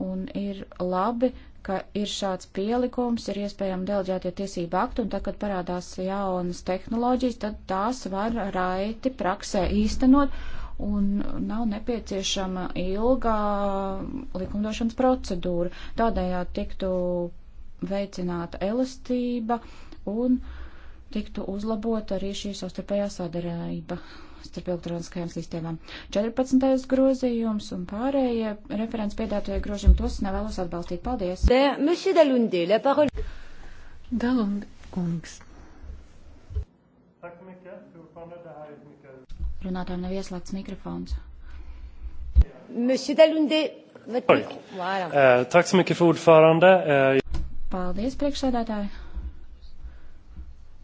un ir labi ka ir šāds pielikums, ir iespējami delģētie tiesību akti, un tad, kad parādās jaunas tehnoloģijas, tad tās var raiti praksē īstenot, un nav nepieciešama ilgā likumdošanas procedūra. Tādējādi tiktu veicināta elastība un tiktu uzlabota arī šī savstarpējā sadarība starp elektroniskajām sistēmām. 14. grozījums un pārējie referents piedātoja grozījumi tos nevēlos atbalstīt. Paldies! Dalund, kungs. Runātājiem nav ieslēgts mikrofons. Monsieur Dalunde, votre micro. Voilà.
Uh, tack så mycket för ordförande. Uh...
Paldies, priekšsēdētāji!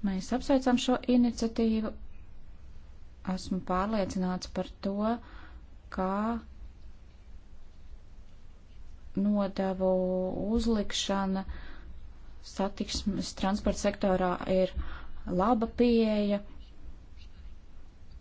Mēs apsveicam šo iniciatīvu esmu pārliecināts par to, kā nodevu uzlikšana satiksmes transporta sektorā ir laba pieeja.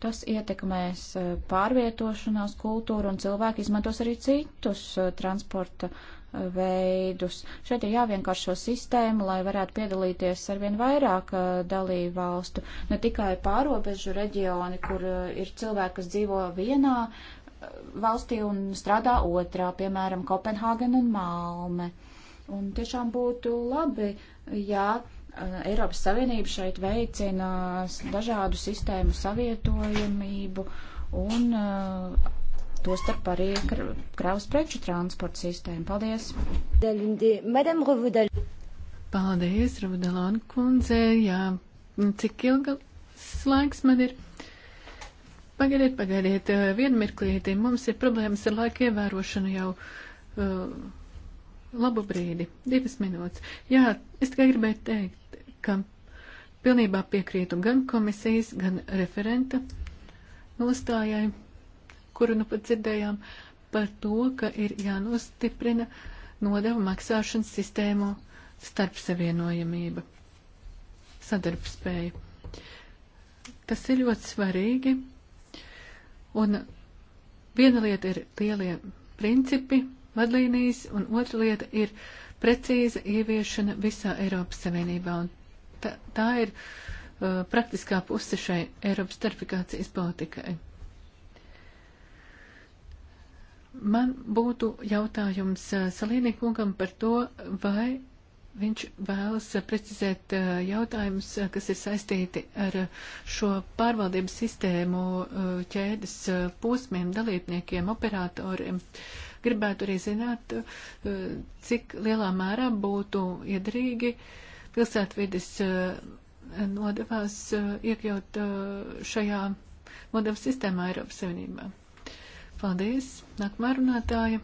Tas ietekmēs eh, pārvietošanās kultūru un cilvēki izmantos arī citus eh, transporta veidus. Šeit ir jāvienkāršo sistēmu, lai varētu piedalīties arvien vairāk uh, dalību valstu, ne tikai pārobežu reģioni, kur uh, ir cilvēki, kas dzīvo vienā uh, valstī un strādā otrā, piemēram, Kopenhāgena un Malme. Un tiešām būtu labi, ja uh, Eiropas Savienība šeit veicina dažādu sistēmu savietojamību un uh, tostarp arī kravas preču transporta
sistēmu. Paldies! Paldies, Rudalona kundze! Jā, cik ilgas laiks man ir? Pagaidiet, pagaidiet, eh, vienu mirklīti. Mums ir problēmas ar laika ievērošanu jau uh, labu brīdi, divas minūtes. Jā, es tikai gribēju teikt, ka pilnībā piekrītu gan komisijas, gan referenta nostājai kuru nu pat dzirdējām, par to, ka ir jānostiprina nodevu maksāšanas sistēmu starpsavienojamība, sadarbspēja. Tas ir ļoti svarīgi, un viena lieta ir lielie principi, vadlīnijas, un otra lieta ir precīza ieviešana visā Eiropas Savienībā, un tā, tā ir uh, praktiskā puse šai Eiropas starpifikācijas politikai. Man būtu jautājums eh, salīdniekungam par to, vai viņš vēlas precizēt eh, jautājumus, eh, kas ir saistīti ar šo pārvaldības sistēmu ķēdes posmiem, dalībniekiem, operatoriem. Gribētu arī zināt, cik lielā mērā būtu iedrīgi pilsētvides nodevās iekļaut šajā nodevu sistēmā Eiropas Savienībā. Paldies, nākamā runātāja.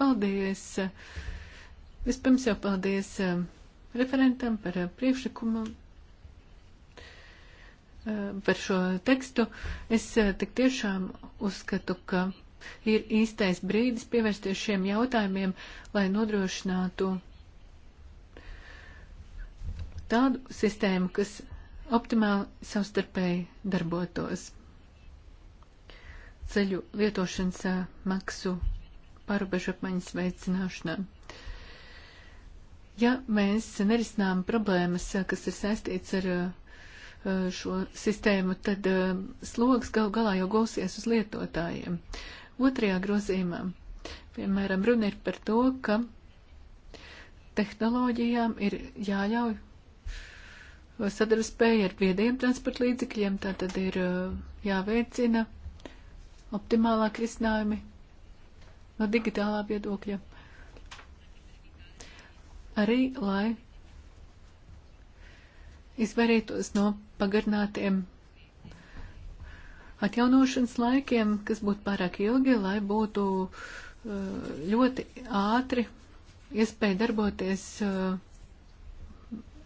Paldies. Vispirms jau paldies eh, referentam par eh, priekšlikumu eh, par šo tekstu. Es tik tiešām uzskatu, ka ir īstais brīdis pievērsties šiem jautājumiem, lai nodrošinātu tādu sistēmu, kas optimāli savstarpēji darbotos ceļu lietošanas maksu pārobežu apmaiņas veicināšanā. Ja mēs nerisinām problēmas, kas ir saistīts ar šo sistēmu, tad slogs gal galā jau gulsies uz lietotājiem. Otrajā grozījumā, piemēram, runa ir par to, ka tehnoloģijām ir jāļauj sadarbspēja ar viediem transporta līdzekļiem, tātad ir jāveicina optimālāk risinājumi no digitālā viedokļa. Arī, lai izvairītos no pagarinātiem atjaunošanas laikiem, kas būtu pārāk ilgi, lai būtu eh, ļoti ātri iespēja darboties eh,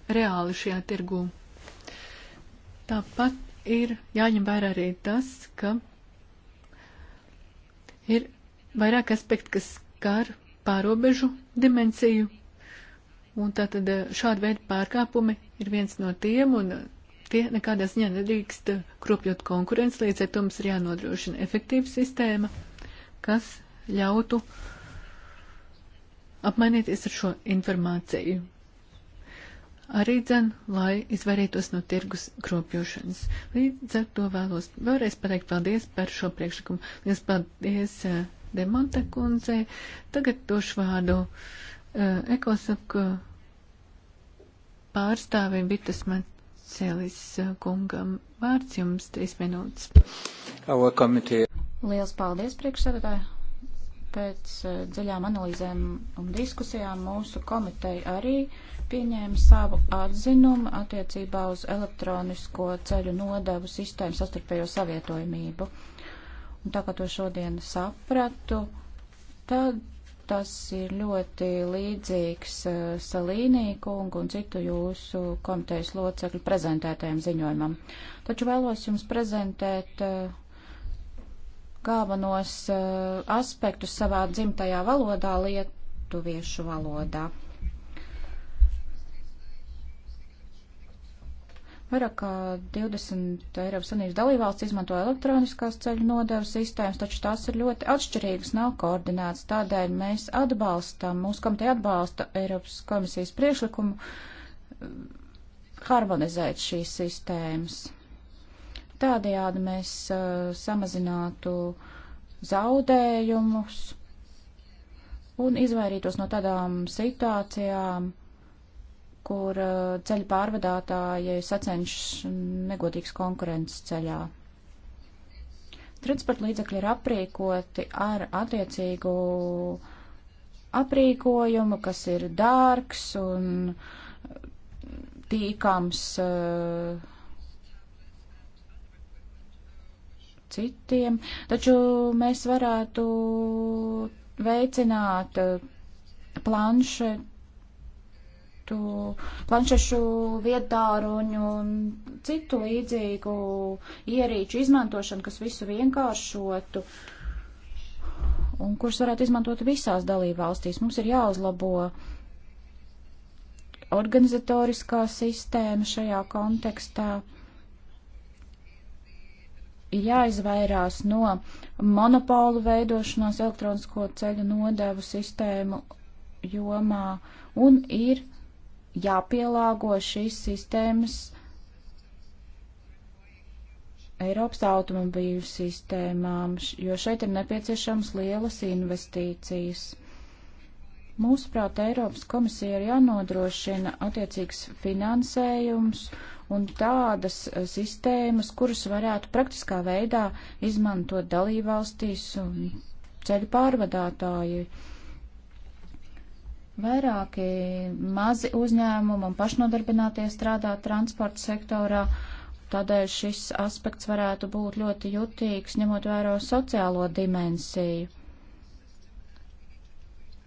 reāli šajā tirgū. Tāpat ir jāņem vērā arī tas, ka Ir vairāk aspekti, kas skar pārobežu dimensiju, un tātad eh, šāda veida pārkāpumi ir viens no tiem, un eh, tie nekādā ziņā nedrīkst kropļot konkurences, līdz ar to mums ir jānodrošina efektīva sistēma, kas ļautu apmainīties ar šo informāciju arī dzen, lai izvairītos no tirgus kropļošanas. Līdz ar to vēlos vēlreiz pateikt paldies par šo priekšlikumu. Lielas paldies uh, eh, Demonta kundzei. Tagad došu vārdu uh, ekosaku pārstāvim Vitas Macelis uh, kungam. Vārds jums 3 minūtes. Lielas paldies priekšsēdētāji pēc uh, dziļām
analīzēm un diskusijām mūsu komiteja arī pieņēma savu atzinumu attiecībā uz elektronisko ceļu nodevu sistēmu sastarpējo savietojamību. Un tā kā to šodien sapratu, tad tas ir ļoti līdzīgs uh, Salīnī kungu un citu jūsu komitejas locekļu prezentētajam ziņojumam. Taču vēlos jums prezentēt uh, galvenos uh, aspektus savā dzimtajā valodā, lietuviešu valodā. Mm. Vairāk kā 20 Eiropas Savienības dalībvalsts izmanto elektroniskās ceļu nodevu sistēmas, taču tās ir ļoti atšķirīgas, nav koordinētas. Tādēļ mēs atbalstam, mūsu komiteja atbalsta Eiropas komisijas priešlikumu eh, harmonizēt šīs sistēmas. Tādējādi mēs uh, samazinātu zaudējumus un izvairītos no tādām situācijām, kur uh, ceļu pārvadātāji sacenšas negodīgas konkurences ceļā. Transporta līdzekļi ir aprīkoti ar attiecīgu aprīkojumu, kas ir dārgs un tīkams uh, citiem, taču mēs varētu veicināt uh, planšetu citu planšešu viedāruņu un citu līdzīgu ierīču izmantošanu, kas visu vienkāršotu un kurus varētu izmantot visās dalībvalstīs. Mums ir jāuzlabo organizatoriskā sistēma šajā kontekstā ir jāizvairās no monopolu veidošanās elektronisko ceļu nodevu sistēmu jomā un ir jāpielāgo šīs sistēmas Eiropas automobīļu sistēmām, jo šeit ir nepieciešams lielas investīcijas. Mūsuprāt, Eiropas komisija ir jānodrošina attiecīgs finansējums un tādas e, sistēmas, kuras varētu praktiskā veidā izmantot dalībvalstīs un ceļu pārvadātāji. Uh, Vairāki mazi uzņēmumi un pašnodarbinātie strādā transporta sektorā, tādēļ šis aspekts varētu būt ļoti jutīgs, ņemot vērā sociālo dimensiju.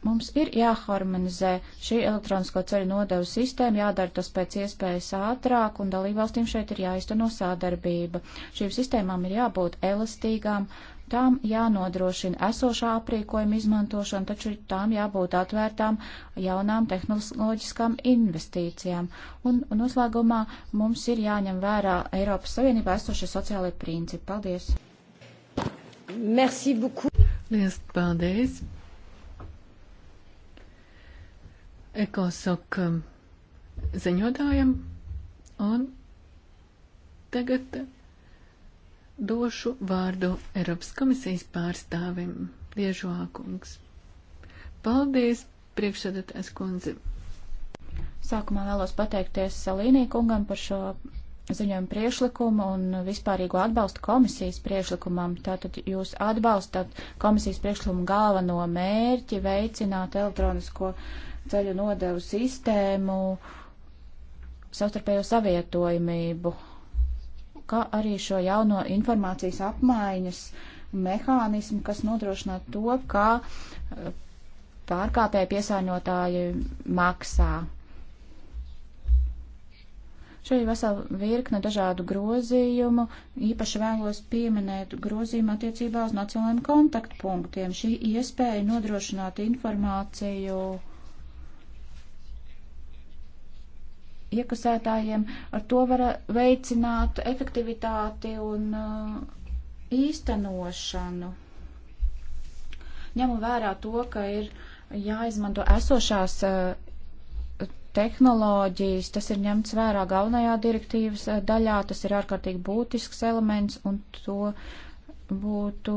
Mums ir jāharmonizē šī elektronisko ceļu nodevu sistēma, jādara tas pēc iespējas ātrāk, un dalībvalstīm šeit ir jāizteno sādarbība. Šīm sistēmām ir jābūt elastīgām, uh, Tām jānodrošina esošā aprīkojuma izmantošana, taču tām jābūt atvērtām jaunām tehnoloģiskām investīcijām. Un, un noslēgumā mums ir jāņem vērā Eiropas Savienībā esošie sociālie principi. Paldies!
Merci beaucoup! Liels paldies! Ekosok um, ziņotājam un tagad došu vārdu Eiropas komisijas pārstāvim Diežvākungs. Paldies, priekšsēdētājs kundze. Sākumā vēlos pateikties Salīnī
kungam par šo ziņojumu priešlikumu un vispārīgo atbalstu komisijas priešlikumam. Tātad jūs atbalstat komisijas priešlikumu galveno mērķi veicināt elektronisko ceļu nodevu sistēmu, savstarpējo savietojamību kā arī šo jauno informācijas apmaiņas mehānismu, kas nodrošinātu to, kā eh, pārkāpēji piesārņotāji maksā. Šeit ir vesela virkne dažādu grozījumu. Īpaši vēlos pieminēt grozījumu attiecībā uz nacionālajiem kontaktpunktiem. Šī iespēja nodrošināt informāciju uh, iekasētājiem. Ar to var veicināt efektivitāti un uh, īstenošanu. Ņemu vērā to, ka ir jāizmanto esošās uh, tehnoloģijas, tas ir ņemts vērā galvenajā direktīvas uh, daļā, tas ir ārkārtīgi būtisks elements un to būtu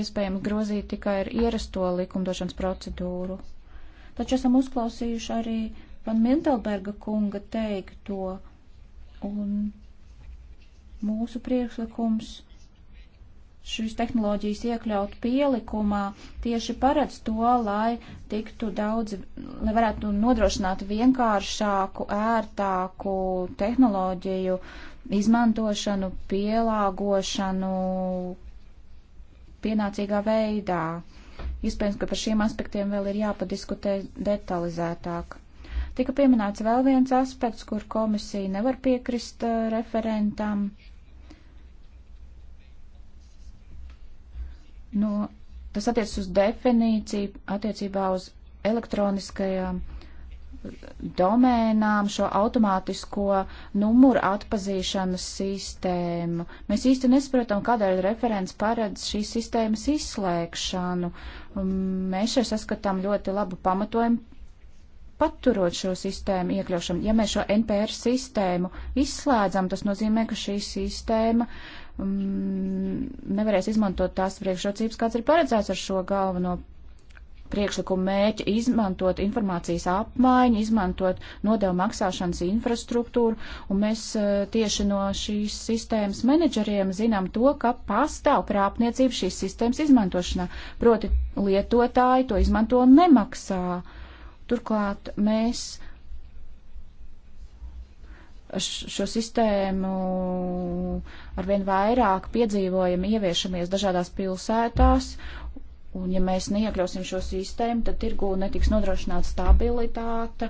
iespējams grozīt tikai ar ierasto likumdošanas procedūru. Taču esam uzklausījuši arī uh, Van Mintelberga kunga teikto un mūsu priekšlikums šīs tehnoloģijas iekļaut pielikumā tieši paredz to, lai tiktu daudz, lai varētu nodrošināt vienkāršāku, ērtāku tehnoloģiju izmantošanu, pielāgošanu pienācīgā veidā. Iespējams, ka par šiem aspektiem vēl ir jāpadiskutē detalizētāk. Tika pieminēts vēl viens aspekts, kur komisija nevar piekrist uh, referentam. No, nu, tas attiec uz definīciju attiecībā uz elektroniskajām domēnām šo automātisko numuru atpazīšanas sistēmu. Mēs īsti nesaprotam, kādēļ referents paredz šīs sistēmas izslēgšanu. Um, mēs šeit saskatām ļoti labu pamatojumu paturot šo sistēmu iekļaušanu. Ja mēs šo NPR sistēmu izslēdzam, tas nozīmē, ka šī sistēma mm, nevarēs izmantot tās priekšrocības, kāds ir paredzēts ar šo galveno priekšlikumu mēķi - izmantot informācijas apmaiņu, izmantot nodevu maksāšanas infrastruktūru, un mēs e, tieši no šīs sistēmas menedžeriem zinām to, ka pastāv krāpniecība šīs sistēmas izmantošanā. Proti lietotāji to izmanto un nemaksā. Uh, Turklāt mēs šo sistēmu arvien vairāk piedzīvojam, ieviešamies dažādās pilsētās, un ja mēs neiekļausim šo sistēmu, tad tirgū netiks nodrošināta stabilitāte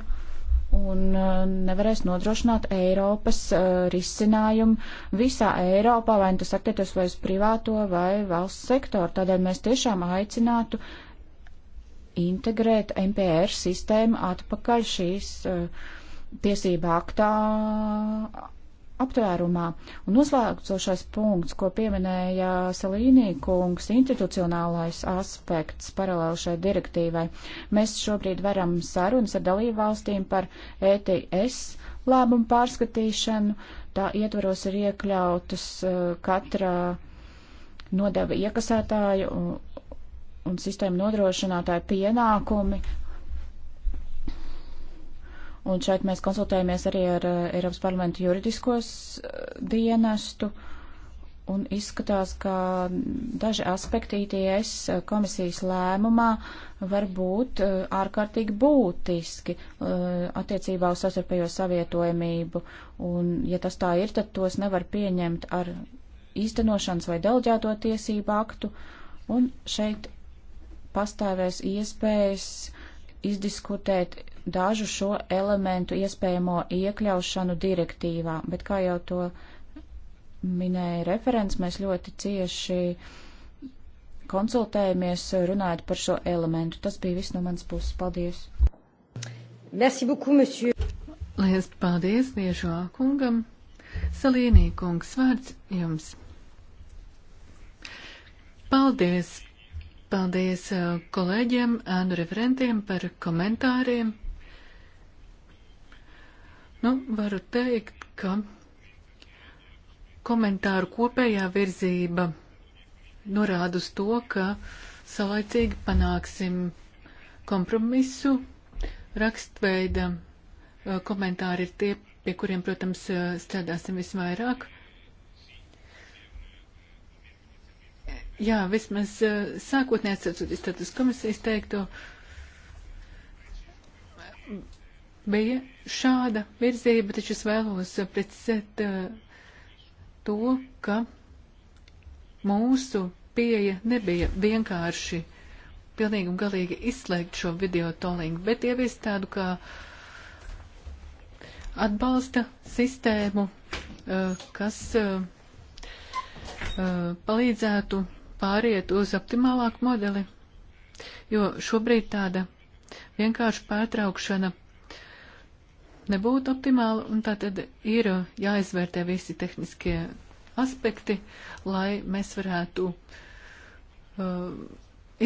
un uh, nevarēs nodrošināt Eiropas uh, risinājumu visā Eiropā, vai nu tas attiektos vai uz privāto vai valsts sektoru. Tādēļ mēs tiešām aicinātu uh, integrēt MPR sistēmu atpakaļ šīs uh, tiesība aktā aptvērumā. Un noslēgcošais punkts, ko pieminēja Salīnī kungs, institucionālais aspekts paralēli šai direktīvai. Mēs šobrīd varam sarunas ar dalību valstīm par ETS lēmumu pārskatīšanu. Tā ietvaros ir iekļautas eh, katra nodeva iekasētāju un sistēma nodrošinātāja pienākumi. Un šeit mēs konsultējamies arī ar eh, Eiropas parlamentu juridiskos eh, dienestu. Un izskatās, ka daži aspekti ITS eh, komisijas lēmumā var būt ārkārtīgi būtiski attiecībā uz sastarpējo savietojamību. Un, ja tas tā ir, tad tos nevar pieņemt ar īstenošanas vai delģēto tiesību aktu. Un šeit pastāvēs iespējas izdiskutēt dažu šo elementu iespējamo iekļaušanu direktīvā, bet kā jau to minēja referents, mēs ļoti cieši konsultējamies runājot par šo elementu. Tas bija viss no manas puses.
Paldies! Merci beaucoup, monsieur! Lielas paldies Viežā kungam! Salīnī kungs vārds jums! Paldies! Paldies uh, kolēģiem, ēnu referentiem par komentāriem. Nu, varu teikt, ka komentāru kopējā virzība norāda uz to, ka salaicīgi panāksim kompromisu. Rakstveida uh, komentāri ir tie, pie kuriem, protams, uh, strādāsim visvairāk. Jā, vismaz eh, sākotnēji atcaucoties status komisijas teikto, bija šāda virzība, taču es vēlos precizēt eh, to, ka mūsu pieeja nebija vienkārši pilnīgi un galīgi izslēgt šo video tolingu, bet ieviest tādu kā atbalsta sistēmu, eh, kas palīdzētu pāriet uz optimālāku modeli, jo šobrīd tāda vienkārši pārtraukšana nebūtu optimāla, un tātad ir jāizvērtē visi tehniskie aspekti, lai mēs varētu uh,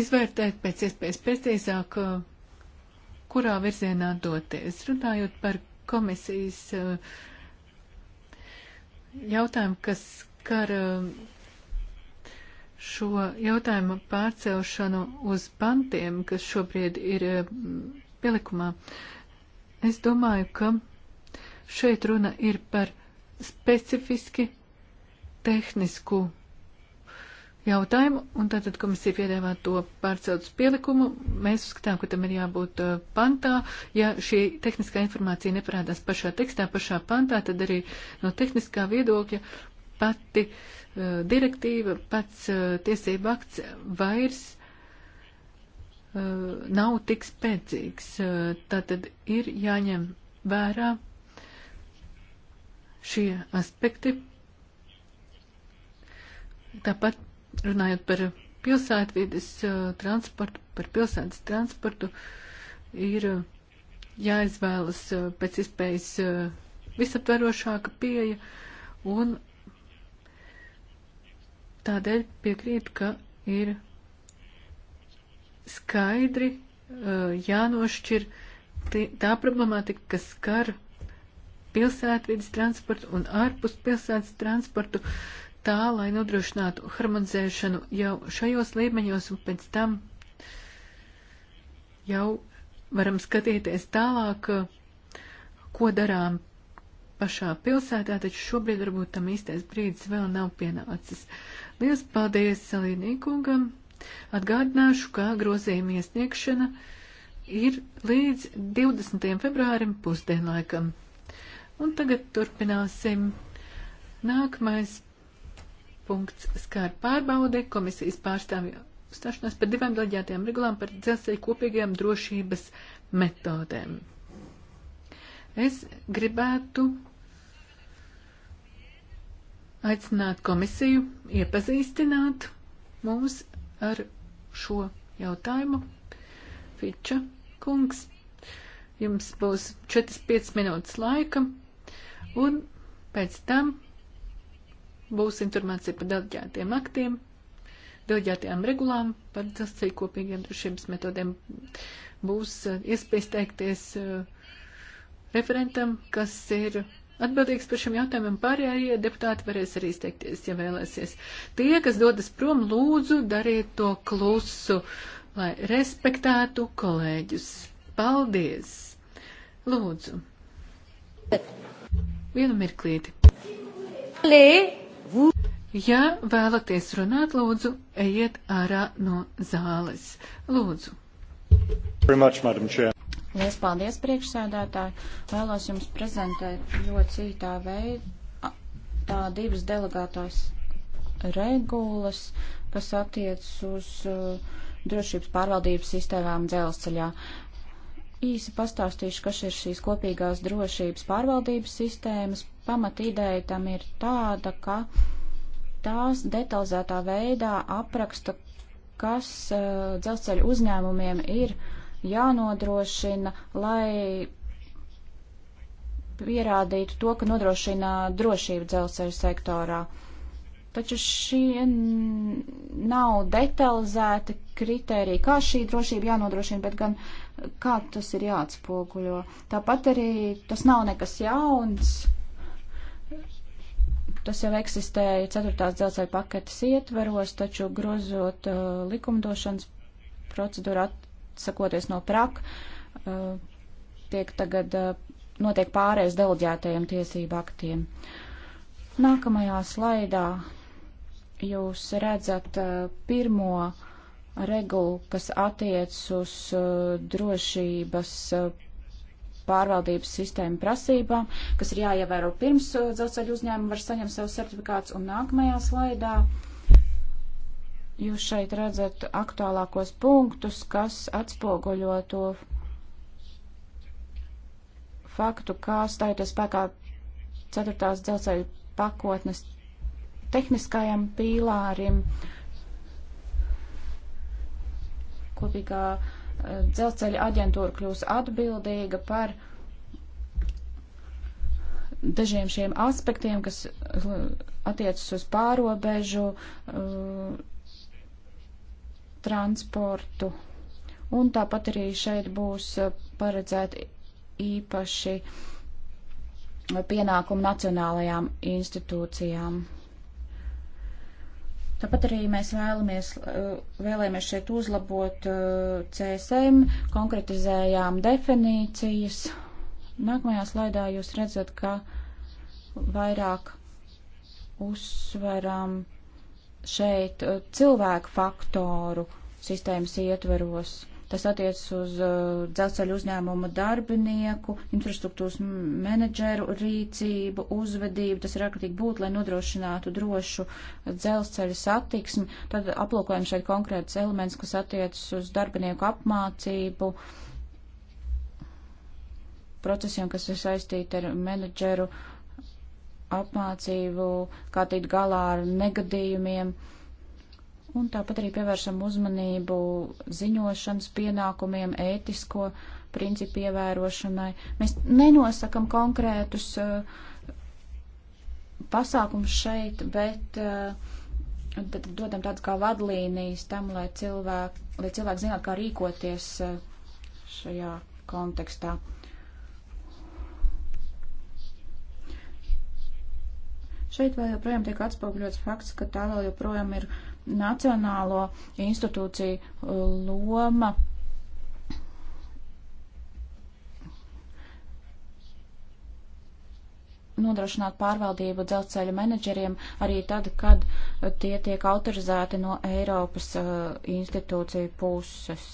izvērtēt pēc iespējas precīzāk, uh, kurā virzienā doties. Runājot par komisijas uh, jautājumu, kas skar uh, šo jautājumu pārcelšanu uz pantiem, kas šobrīd ir eh, pielikumā, es domāju, ka šeit runa ir par specifiski tehnisku jautājumu, un tātad komisija piedāvā to pārcelt uz pielikumu. Mēs uzskatām, ka tam ir jābūt eh, pantā. Ja šī tehniskā informācija neparādās pašā tekstā, pašā pantā, tad arī no tehniskā viedokļa pati uh, Eh, direktīva, pats eh, tiesība akts vairs eh, nav tik spēcīgs. Tātad ir jāņem vērā šie aspekti. Tāpat runājot par pilsētvides transportu, par pilsētas transportu, ir jāizvēlas pēc iespējas visaptverošāka pieeja un Tādēļ piekrītu, ka ir skaidri uh, jānošķir tā problemātika, kas skar pilsētvidas transportu un ārpus pilsētas transportu, tā, lai nodrošinātu harmonizēšanu jau šajos līmeņos un pēc tam jau varam skatīties tālāk, ko darām pašā pilsētā, taču šobrīd varbūt tam īstais brīdis vēl nav pienācis. Lielas paldies Salīnīkungam! Atgādināšu, kā grozījuma iesniegšana ir līdz 20. februārim pusdienlaikam. Un tagad turpināsim. Nākamais punkts skār pārbaudi komisijas pārstāvju stāšanās par divām daļģētajām regulām par dzelzceļa kopīgajām drošības metodēm. Es gribētu aicināt komisiju iepazīstināt mūs ar šo jautājumu. Fiča kungs, jums būs 4-5 minūtes laika, un pēc tam būs informācija par delģētiem aktiem, delģētajām regulām, par dzelzceļu kopīgiem drošības metodēm. Būs eh, iespējas teikties eh, referentam, kas ir atbildīgs par šiem jautājumiem, pārējie deputāti varēs arī izteikties, ja vēlēsies. Tie, kas dodas prom, lūdzu, dariet to klusu, lai respektētu kolēģus. Paldies! Lūdzu! Vienu mirklīti. Ja vēlaties runāt, lūdzu, ejiet ārā no zāles. Lūdzu! Very much, Madam Chair.
Lies paldies, priekšsēdētāji. Vēlos jums prezentēt ļoti cītā veidā tā divas delegātās regulas, kas attiec uz uh, drošības pārvaldības sistēmām dzelzceļā. Īsi pastāstīšu, kas ir šīs kopīgās drošības pārvaldības sistēmas. Pamat ideja tam ir tāda, ka tās detalizētā veidā apraksta, kas uh, dzelzceļa uzņēmumiem ir uh, jānodrošina, lai pierādītu to, ka nodrošina drošību dzelzceļu sektorā. Taču šie nav detalizēti kriteriji, kā šī drošība jānodrošina, bet gan kā tas ir jāatspoguļo. Tāpat arī tas nav nekas jauns. Tas jau eksistēja 4. dzelzceļa paketes ietveros, taču grozot uh, likumdošanas procedūru at atsakoties no prak, eh, tiek tagad eh, notiek pārējais delģētajiem tiesību aktiem. Nākamajā slaidā jūs redzat eh, pirmo regulu, kas attiec uz drošības pārvaldības sistēmu prasībām, kas ir jāievēro pirms dzelzceļu uzņēmumu var saņemt savu certifikātu un nākamajā slaidā. Uh, Jūs šeit redzat aktuālākos punktus, kas atspoguļo to faktu, kā stājoties spēkā ceturtās dzelzceļa pakotnes tehniskajam pīlārim, kopīgā eh, dzelzceļa aģentūra kļūs atbildīga par dažiem šiem aspektiem, kas eh, attiecas uz pārobežu eh, transportu. Un tāpat arī šeit būs eh, paredzēti īpaši pienākumu nacionālajām institūcijām. Tāpat arī mēs vēlamies, eh, vēlēmies šeit uzlabot eh, CSM, konkretizējām definīcijas. Nākamajā slaidā jūs redzat, ka vairāk uzsveram uh, šeit uh, cilvēku faktoru sistēmas ietveros. Tas attiecas uz uh, dzelzceļu uzņēmumu darbinieku, infrastruktūras menedžeru rīcību, uzvedību. Tas ir ārkārtīgi būtu, lai nodrošinātu drošu dzelzceļa satiksmi. Tad aplūkojam šeit konkrētas elements, kas attiecas uz darbinieku apmācību, procesiem, kas ir saistīti ar menedžeru uh, apmācību, kā tikt galā ar negadījumiem. Un tāpat arī pievēršam uzmanību ziņošanas pienākumiem, ētisko principu ievērošanai. Mēs nenosakam konkrētus uh, eh, pasākums šeit, bet uh, tad dodam tāds kā vadlīnijas tam, lai cilvēki, lai cilvēki zinātu, kā rīkoties uh, šajā kontekstā. Šeit vēl joprojām tiek atspoguļots fakts, ka tā vēl joprojām ir nacionālo institūciju uh, loma. nodrošināt pārvaldību dzelzceļa menedžeriem arī tad, kad tie tiek autorizēti no Eiropas uh, institūciju puses.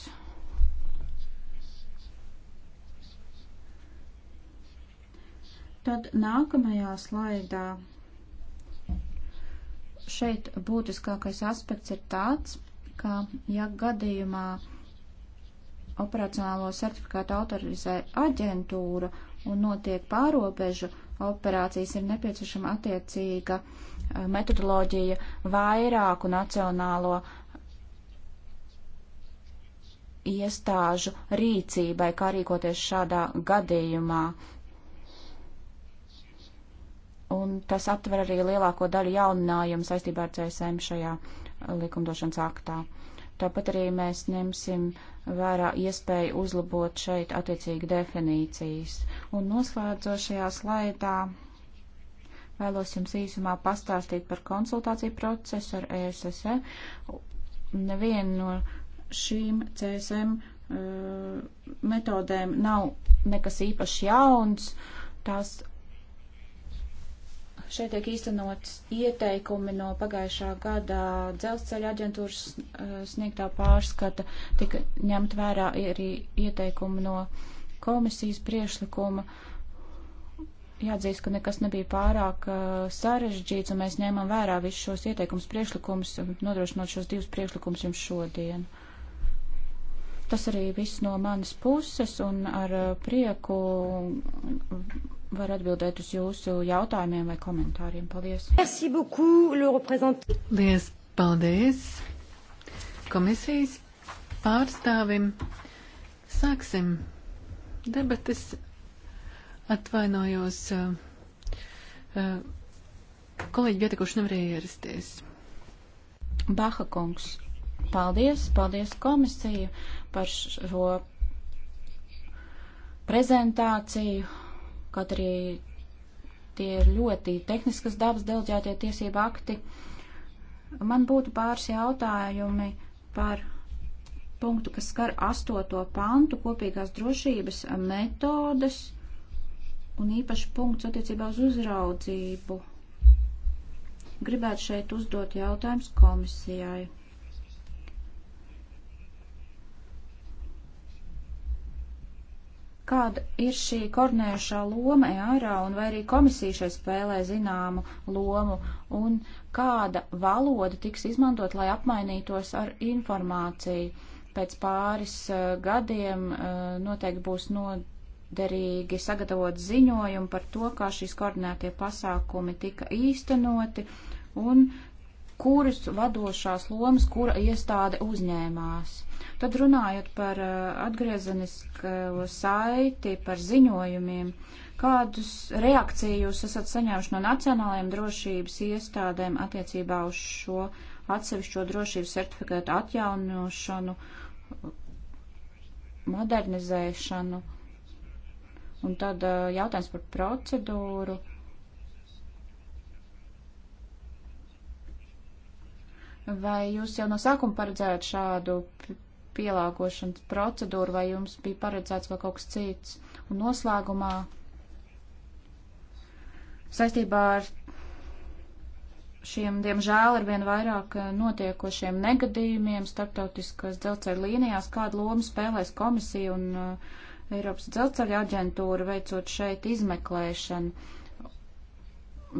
Tad nākamajā slaidā šeit būtiskākais aspekts ir tāds, ka ja gadījumā operacionālo certifikātu autorizē aģentūra un notiek pārobežu operācijas, ir nepieciešama attiecīga eh, metodoloģija vairāku nacionālo iestāžu rīcībai, kā rīkoties šādā gadījumā un tas aptver arī lielāko daļu jauninājumu saistībā ar CSM šajā uh, likumdošanas aktā. Tāpat arī mēs ņemsim vērā iespēju uzlabot šeit attiecīgi definīcijas. Un noslēdzošajā slaidā vēlos jums īsumā pastāstīt par konsultāciju procesu ar ESSE. Neviena no šīm CSM uh, metodēm nav nekas īpaši jauns. Tās Šeit tiek īstenots ieteikumi no pagājušā gada dzelzceļa aģentūras eh, sniegtā pārskata, tika ņemt vērā arī ieteikumi no komisijas priešlikuma. Jāatzīst, ka nekas nebija pārāk uh, sarežģīts, un mēs ņēmām vērā visus šos ieteikumus priešlikumus, nodrošinot šos divus priešlikumus jums šodien. Tas arī viss no manas puses, un ar eh, prieku var atbildēt uz jūsu jautājumiem vai komentāriem. Paldies!
Merci beaucoup, le représentant. Lies, paldies! Komisijas pārstāvim. Sāksim debatas. Atvainojos. Eh, eh, kolēģi pietikuši nevarēja ierasties. Baha kungs,
paldies, paldies komisiju par šo prezentāciju kaut arī tie ir ļoti tehniskas dabas delģētie tiesība akti. Man būtu pāris jautājumi par punktu, kas skar astoto pantu kopīgās drošības metodas un īpaši punkts attiecībā uz uzraudzību. Gribētu šeit uzdot jautājums komisijai. Kāda ir šī koordinējušā loma EARA un vai arī komisija šeit spēlē zināmu lomu un kāda valoda tiks izmantot, lai apmainītos ar informāciju? Pēc pāris uh, gadiem uh, noteikti būs noderīgi sagatavot ziņojumu par to, kā šīs koordinētie pasākumi tika īstenoti un kuras vadošās lomas, kura iestāde uzņēmās. Tad runājot par uh, atgriezenisko saiti, par ziņojumiem, kādus reakciju jūs esat saņēmuši no nacionālajiem drošības iestādēm attiecībā uz šo atsevišķo drošības certifikātu atjaunošanu, modernizēšanu? Un tad uh, jautājums par procedūru Vai jūs jau no sākuma paredzējāt šādu pielāgošanas procedūru, vai jums bija paredzēts vēl kaut kas cits? Un noslēgumā saistībā ar šiem, diemžēl, ar vien vairāk eh, notiekošiem negadījumiem starptautiskās dzelceļa līnijās, kādu lomu spēlēs komisija un uh, Eiropas dzelceļa aģentūra veicot šeit izmeklēšanu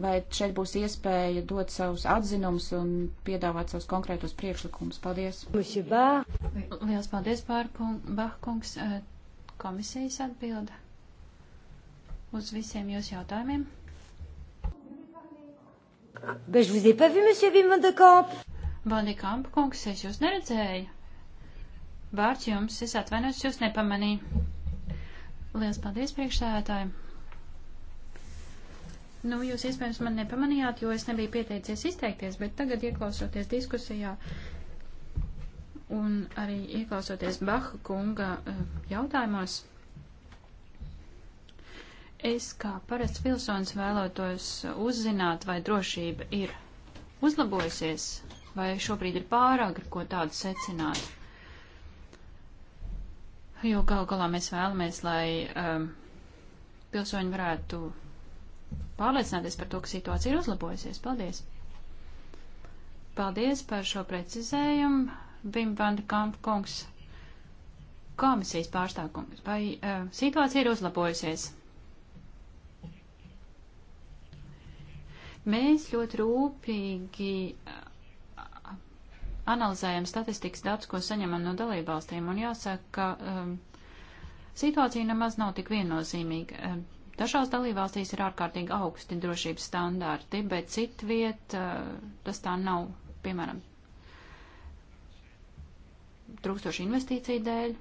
vai šeit būs iespēja dot savus atzinumus un piedāvāt savus konkrētos priekšlikumus.
Paldies! Lielas paldies, Bahkungs! Komisijas atbilda uz visiem jūsu jautājumiem. Bet es vous ai pas vu, monsieur Vimon de Kamp. Vandekamp, kungs, es jūs neredzēju. Vārds jums, es atvainojos, jūs nepamanīju. Lielas paldies priekšsēdētājiem! Nu, jūs iespējams man nepamanījāt, jo es nebiju pieteicies izteikties, bet tagad ieklausoties diskusijā un arī ieklausoties Baha kunga eh, jautājumos, es kā parasts pilsonis vēlētos uzzināt, vai drošība ir uzlabojusies, vai šobrīd ir pārāk, ko tādu secināt. Jo gal galā mēs vēlamies, lai um, pilsoņi varētu pārliecināties par to, ka situācija ir uzlabojusies. Paldies! Paldies par šo precizējumu, Vim Vanda Kampkungs, komisijas pārstāvkungs. Vai uh, situācija ir uzlabojusies? Mēs ļoti rūpīgi eh, analizējam statistikas datus, ko saņemam no dalībvalstīm, un jāsaka, ka eh, um, situācija nemaz nav tik viennozīmīga. Um, Dažās dalībvalstīs ir ārkārtīgi augsti drošības standarti, bet citviet eh, tas tā nav, piemēram, trūkstoši investīciju dēļ.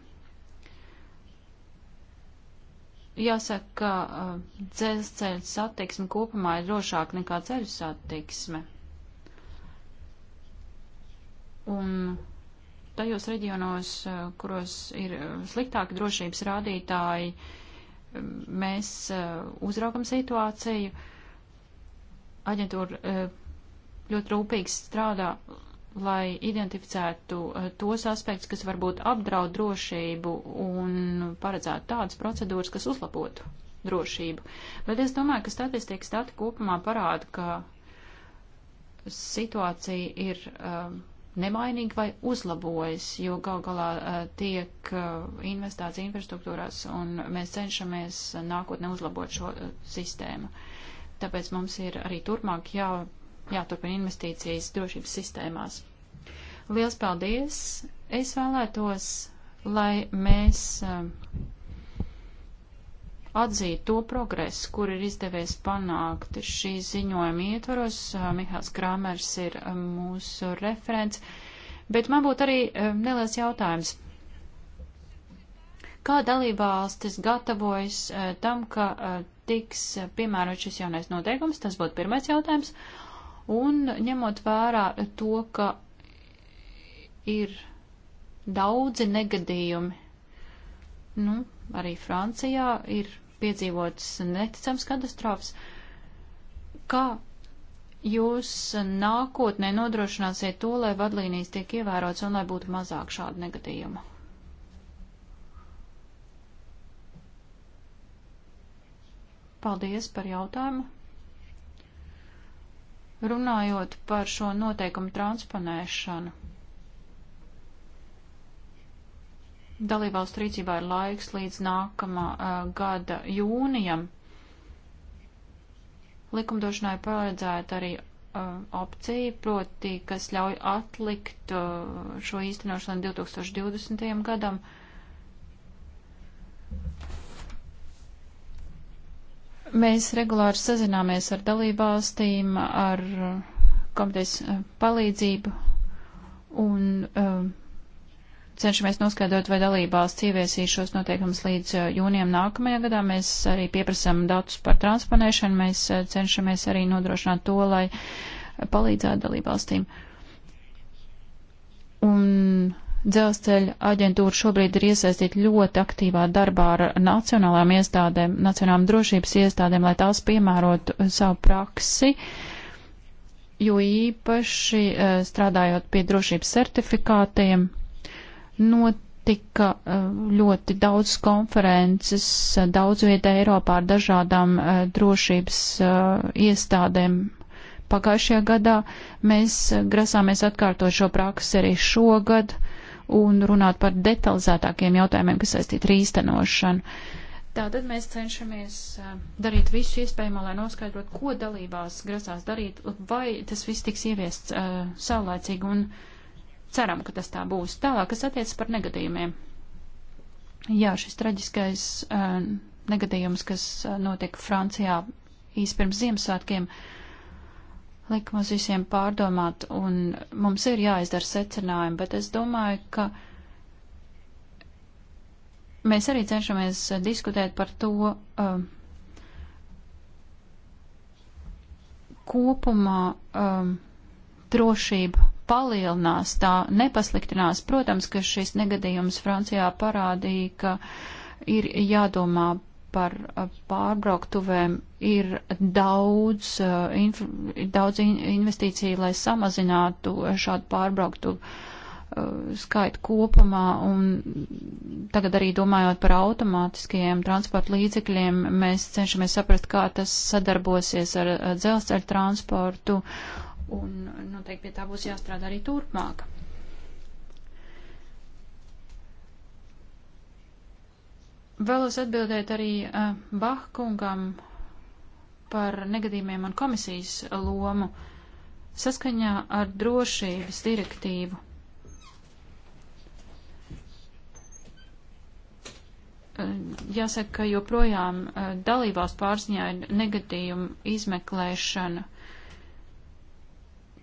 Jāsaka, ka eh, dzelzceļa satiksme kopumā ir drošāka nekā ceļu satiksme. Un tajos reģionos, eh, kuros ir sliktāki drošības rādītāji, uh, mēs eh, uzraugam situāciju. Aģentūra eh, ļoti rūpīgi strādā, lai identificētu eh, tos aspektus, kas varbūt apdraud drošību un paredzētu tādas procedūras, kas uzlabotu drošību. Bet es domāju, ka statistika stati kopumā parāda, ka situācija ir. Uh, nemainīgi vai uzlabojas, jo gal galā tiek investēts infrastruktūrās un mēs cenšamies nākotnē uzlabot šo sistēmu. Tāpēc mums ir arī turpmāk jā, jāturpina investīcijas drošības sistēmās. Liels paldies! Es vēlētos, lai mēs atzīt to progresu, kur ir izdevies panākt šī ziņojuma ietvaros. Mihāls Krāmers ir mūsu referents, bet man būtu arī neliels jautājums. Kā dalībvalstis gatavojas tam, ka tiks piemērot šis jaunais noteikums? Tas būtu pirmais jautājums. Un ņemot vērā to, ka ir daudzi negadījumi, nu, arī Francijā ir piedzīvotas neticams katastrofas. Kā jūs nākotnē nodrošināsiet to, lai vadlīnijas tiek ievērots un lai būtu mazāk šādu negadījumu? Paldies par jautājumu. Runājot par šo noteikumu transponēšanu Dalībvalstu rīcībā ir laiks līdz nākamā uh, gada jūnijam. Likumdošanai paredzēta arī uh, opcija, proti, kas ļauj atlikt uh, šo īstenošanu 2020. gadam. Mēs regulāri sazināmies ar dalībvalstīm, ar komitejas palīdzību un uh, cenšamies noskaidrot, vai dalībvalsts ieviesīs šos noteikumus līdz eh, jūnijam nākamajā gadā. Mēs arī pieprasām datus par transponēšanu, mēs eh, cenšamies arī nodrošināt to, lai palīdzētu dalībvalstīm. Un dzelzceļa aģentūra šobrīd ir iesaistīta ļoti aktīvā darbā ar nacionālām iestādēm, nacionālām drošības iestādēm, lai tās piemērotu savu praksi. Jo īpaši eh, strādājot pie drošības certifikātiem, Notika eh, ļoti daudz konferences, eh, daudz vieta Eiropā ar dažādām eh, drošības iestādēm. Pagājušajā gadā mēs grasāmies atkārtot šo praksi arī šogad un runāt par detalizētākiem jautājumiem, kas saistīti ar īstenošanu. Tātad mēs cenšamies darīt visu iespējamo, lai noskaidrotu, ko dalībās grasās darīt, vai tas viss tiks ieviests uh, saulēcīgi un uh, ceram, ka tas tā būs. Tālāk, kas attiec par negadījumiem. Jā, šis traģiskais uh, negadījums, kas notiek Francijā īsi pirms Ziemassvētkiem, lika mums visiem pārdomāt, un mums ir jāizdara secinājumi, bet es domāju, ka mēs arī cenšamies diskutēt par to uh, kopumā um, drošību palielinās, tā nepasliktinās. Protams, ka šis negadījums Francijā parādīja, ka ir jādomā par pārbrauktuvēm, ir daudz, inf, daudz investīciju, lai samazinātu šādu pārbrauktuvu skaitu kopumā, un tagad arī domājot par automātiskajiem transporta līdzekļiem, mēs cenšamies saprast, kā tas sadarbosies ar dzelzceļa transportu, un noteikti pie tā būs jāstrādā arī turpmāk. Vēlos atbildēt arī uh, eh, Bahkungam par negadījumiem un komisijas lomu saskaņā ar drošības direktīvu. Eh, jāsaka, ka joprojām eh, dalībās pārziņā ir negadījumu izmeklēšana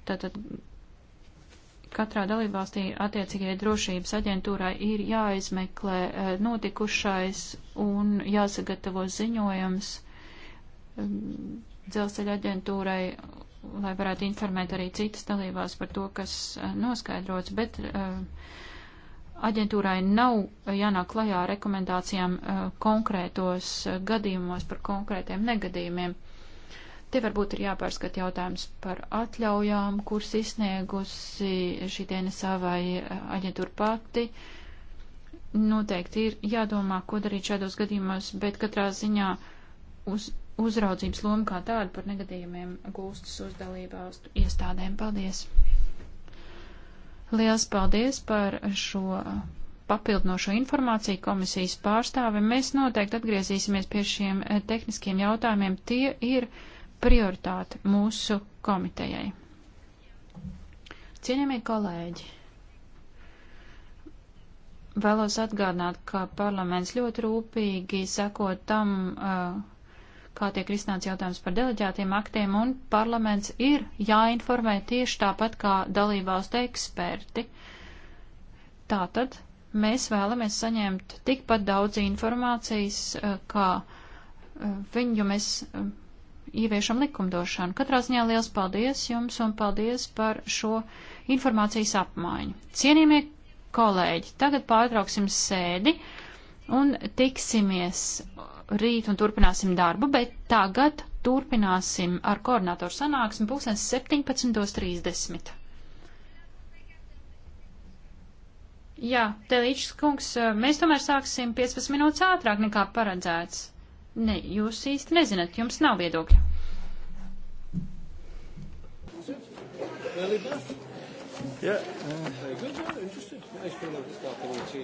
Tātad katrā dalībvalstī attiecīgajai drošības aģentūrai ir jāizmeklē eh, notikušais un jāsagatavo ziņojums eh, dzelzceļa aģentūrai, lai varētu informēt arī citas dalībās par to, kas eh, noskaidrots, bet aģentūrai nav jānāk klajā rekomendācijām konkrētos gadījumos par konkrētiem negadījumiem. Te varbūt ir jāpārskat jautājums par atļaujām, kuras izsniegusi šī diena savai eh, aģentūra pati. Noteikti ir jādomā, ko darīt šādos gadījumos, bet katrā ziņā uz uzraudzības loma kā tāda par negadījumiem gūstas uzdalībā uz iestādēm. Paldies! Liels paldies par šo papildinošo informāciju komisijas pārstāvi. Mēs noteikti atgriezīsimies pie šiem eh, tehniskiem jautājumiem. Tie ir prioritāte mūsu komitejai. Cienījamie kolēģi, vēlos atgādināt, ka parlaments ļoti rūpīgi seko tam, uh, kā tiek risināts jautājums par deleģētiem aktiem, un parlaments ir jāinformē tieši tāpat kā dalībvalstu eksperti. Tātad mēs vēlamies saņemt tikpat daudz informācijas, uh, kā uh, viņu, jo mēs ieviešam likumdošanu. Katrā ziņā liels paldies jums un paldies par šo informācijas apmaiņu. Cienījamie kolēģi, tagad pārtrauksim sēdi un tiksimies rīt un turpināsim darbu, bet tagad turpināsim ar koordinātoru sanāksmi pulkstens 17.30. Jā, Telīčs kungs, mēs tomēr sāksim 15 minūtes ātrāk nekā paredzēts. Ne, jūs īsti nezināt, jums nav viedokļa.
Yeah. Uh, Very good. Interesting. Nice to know the stuff that we've seen.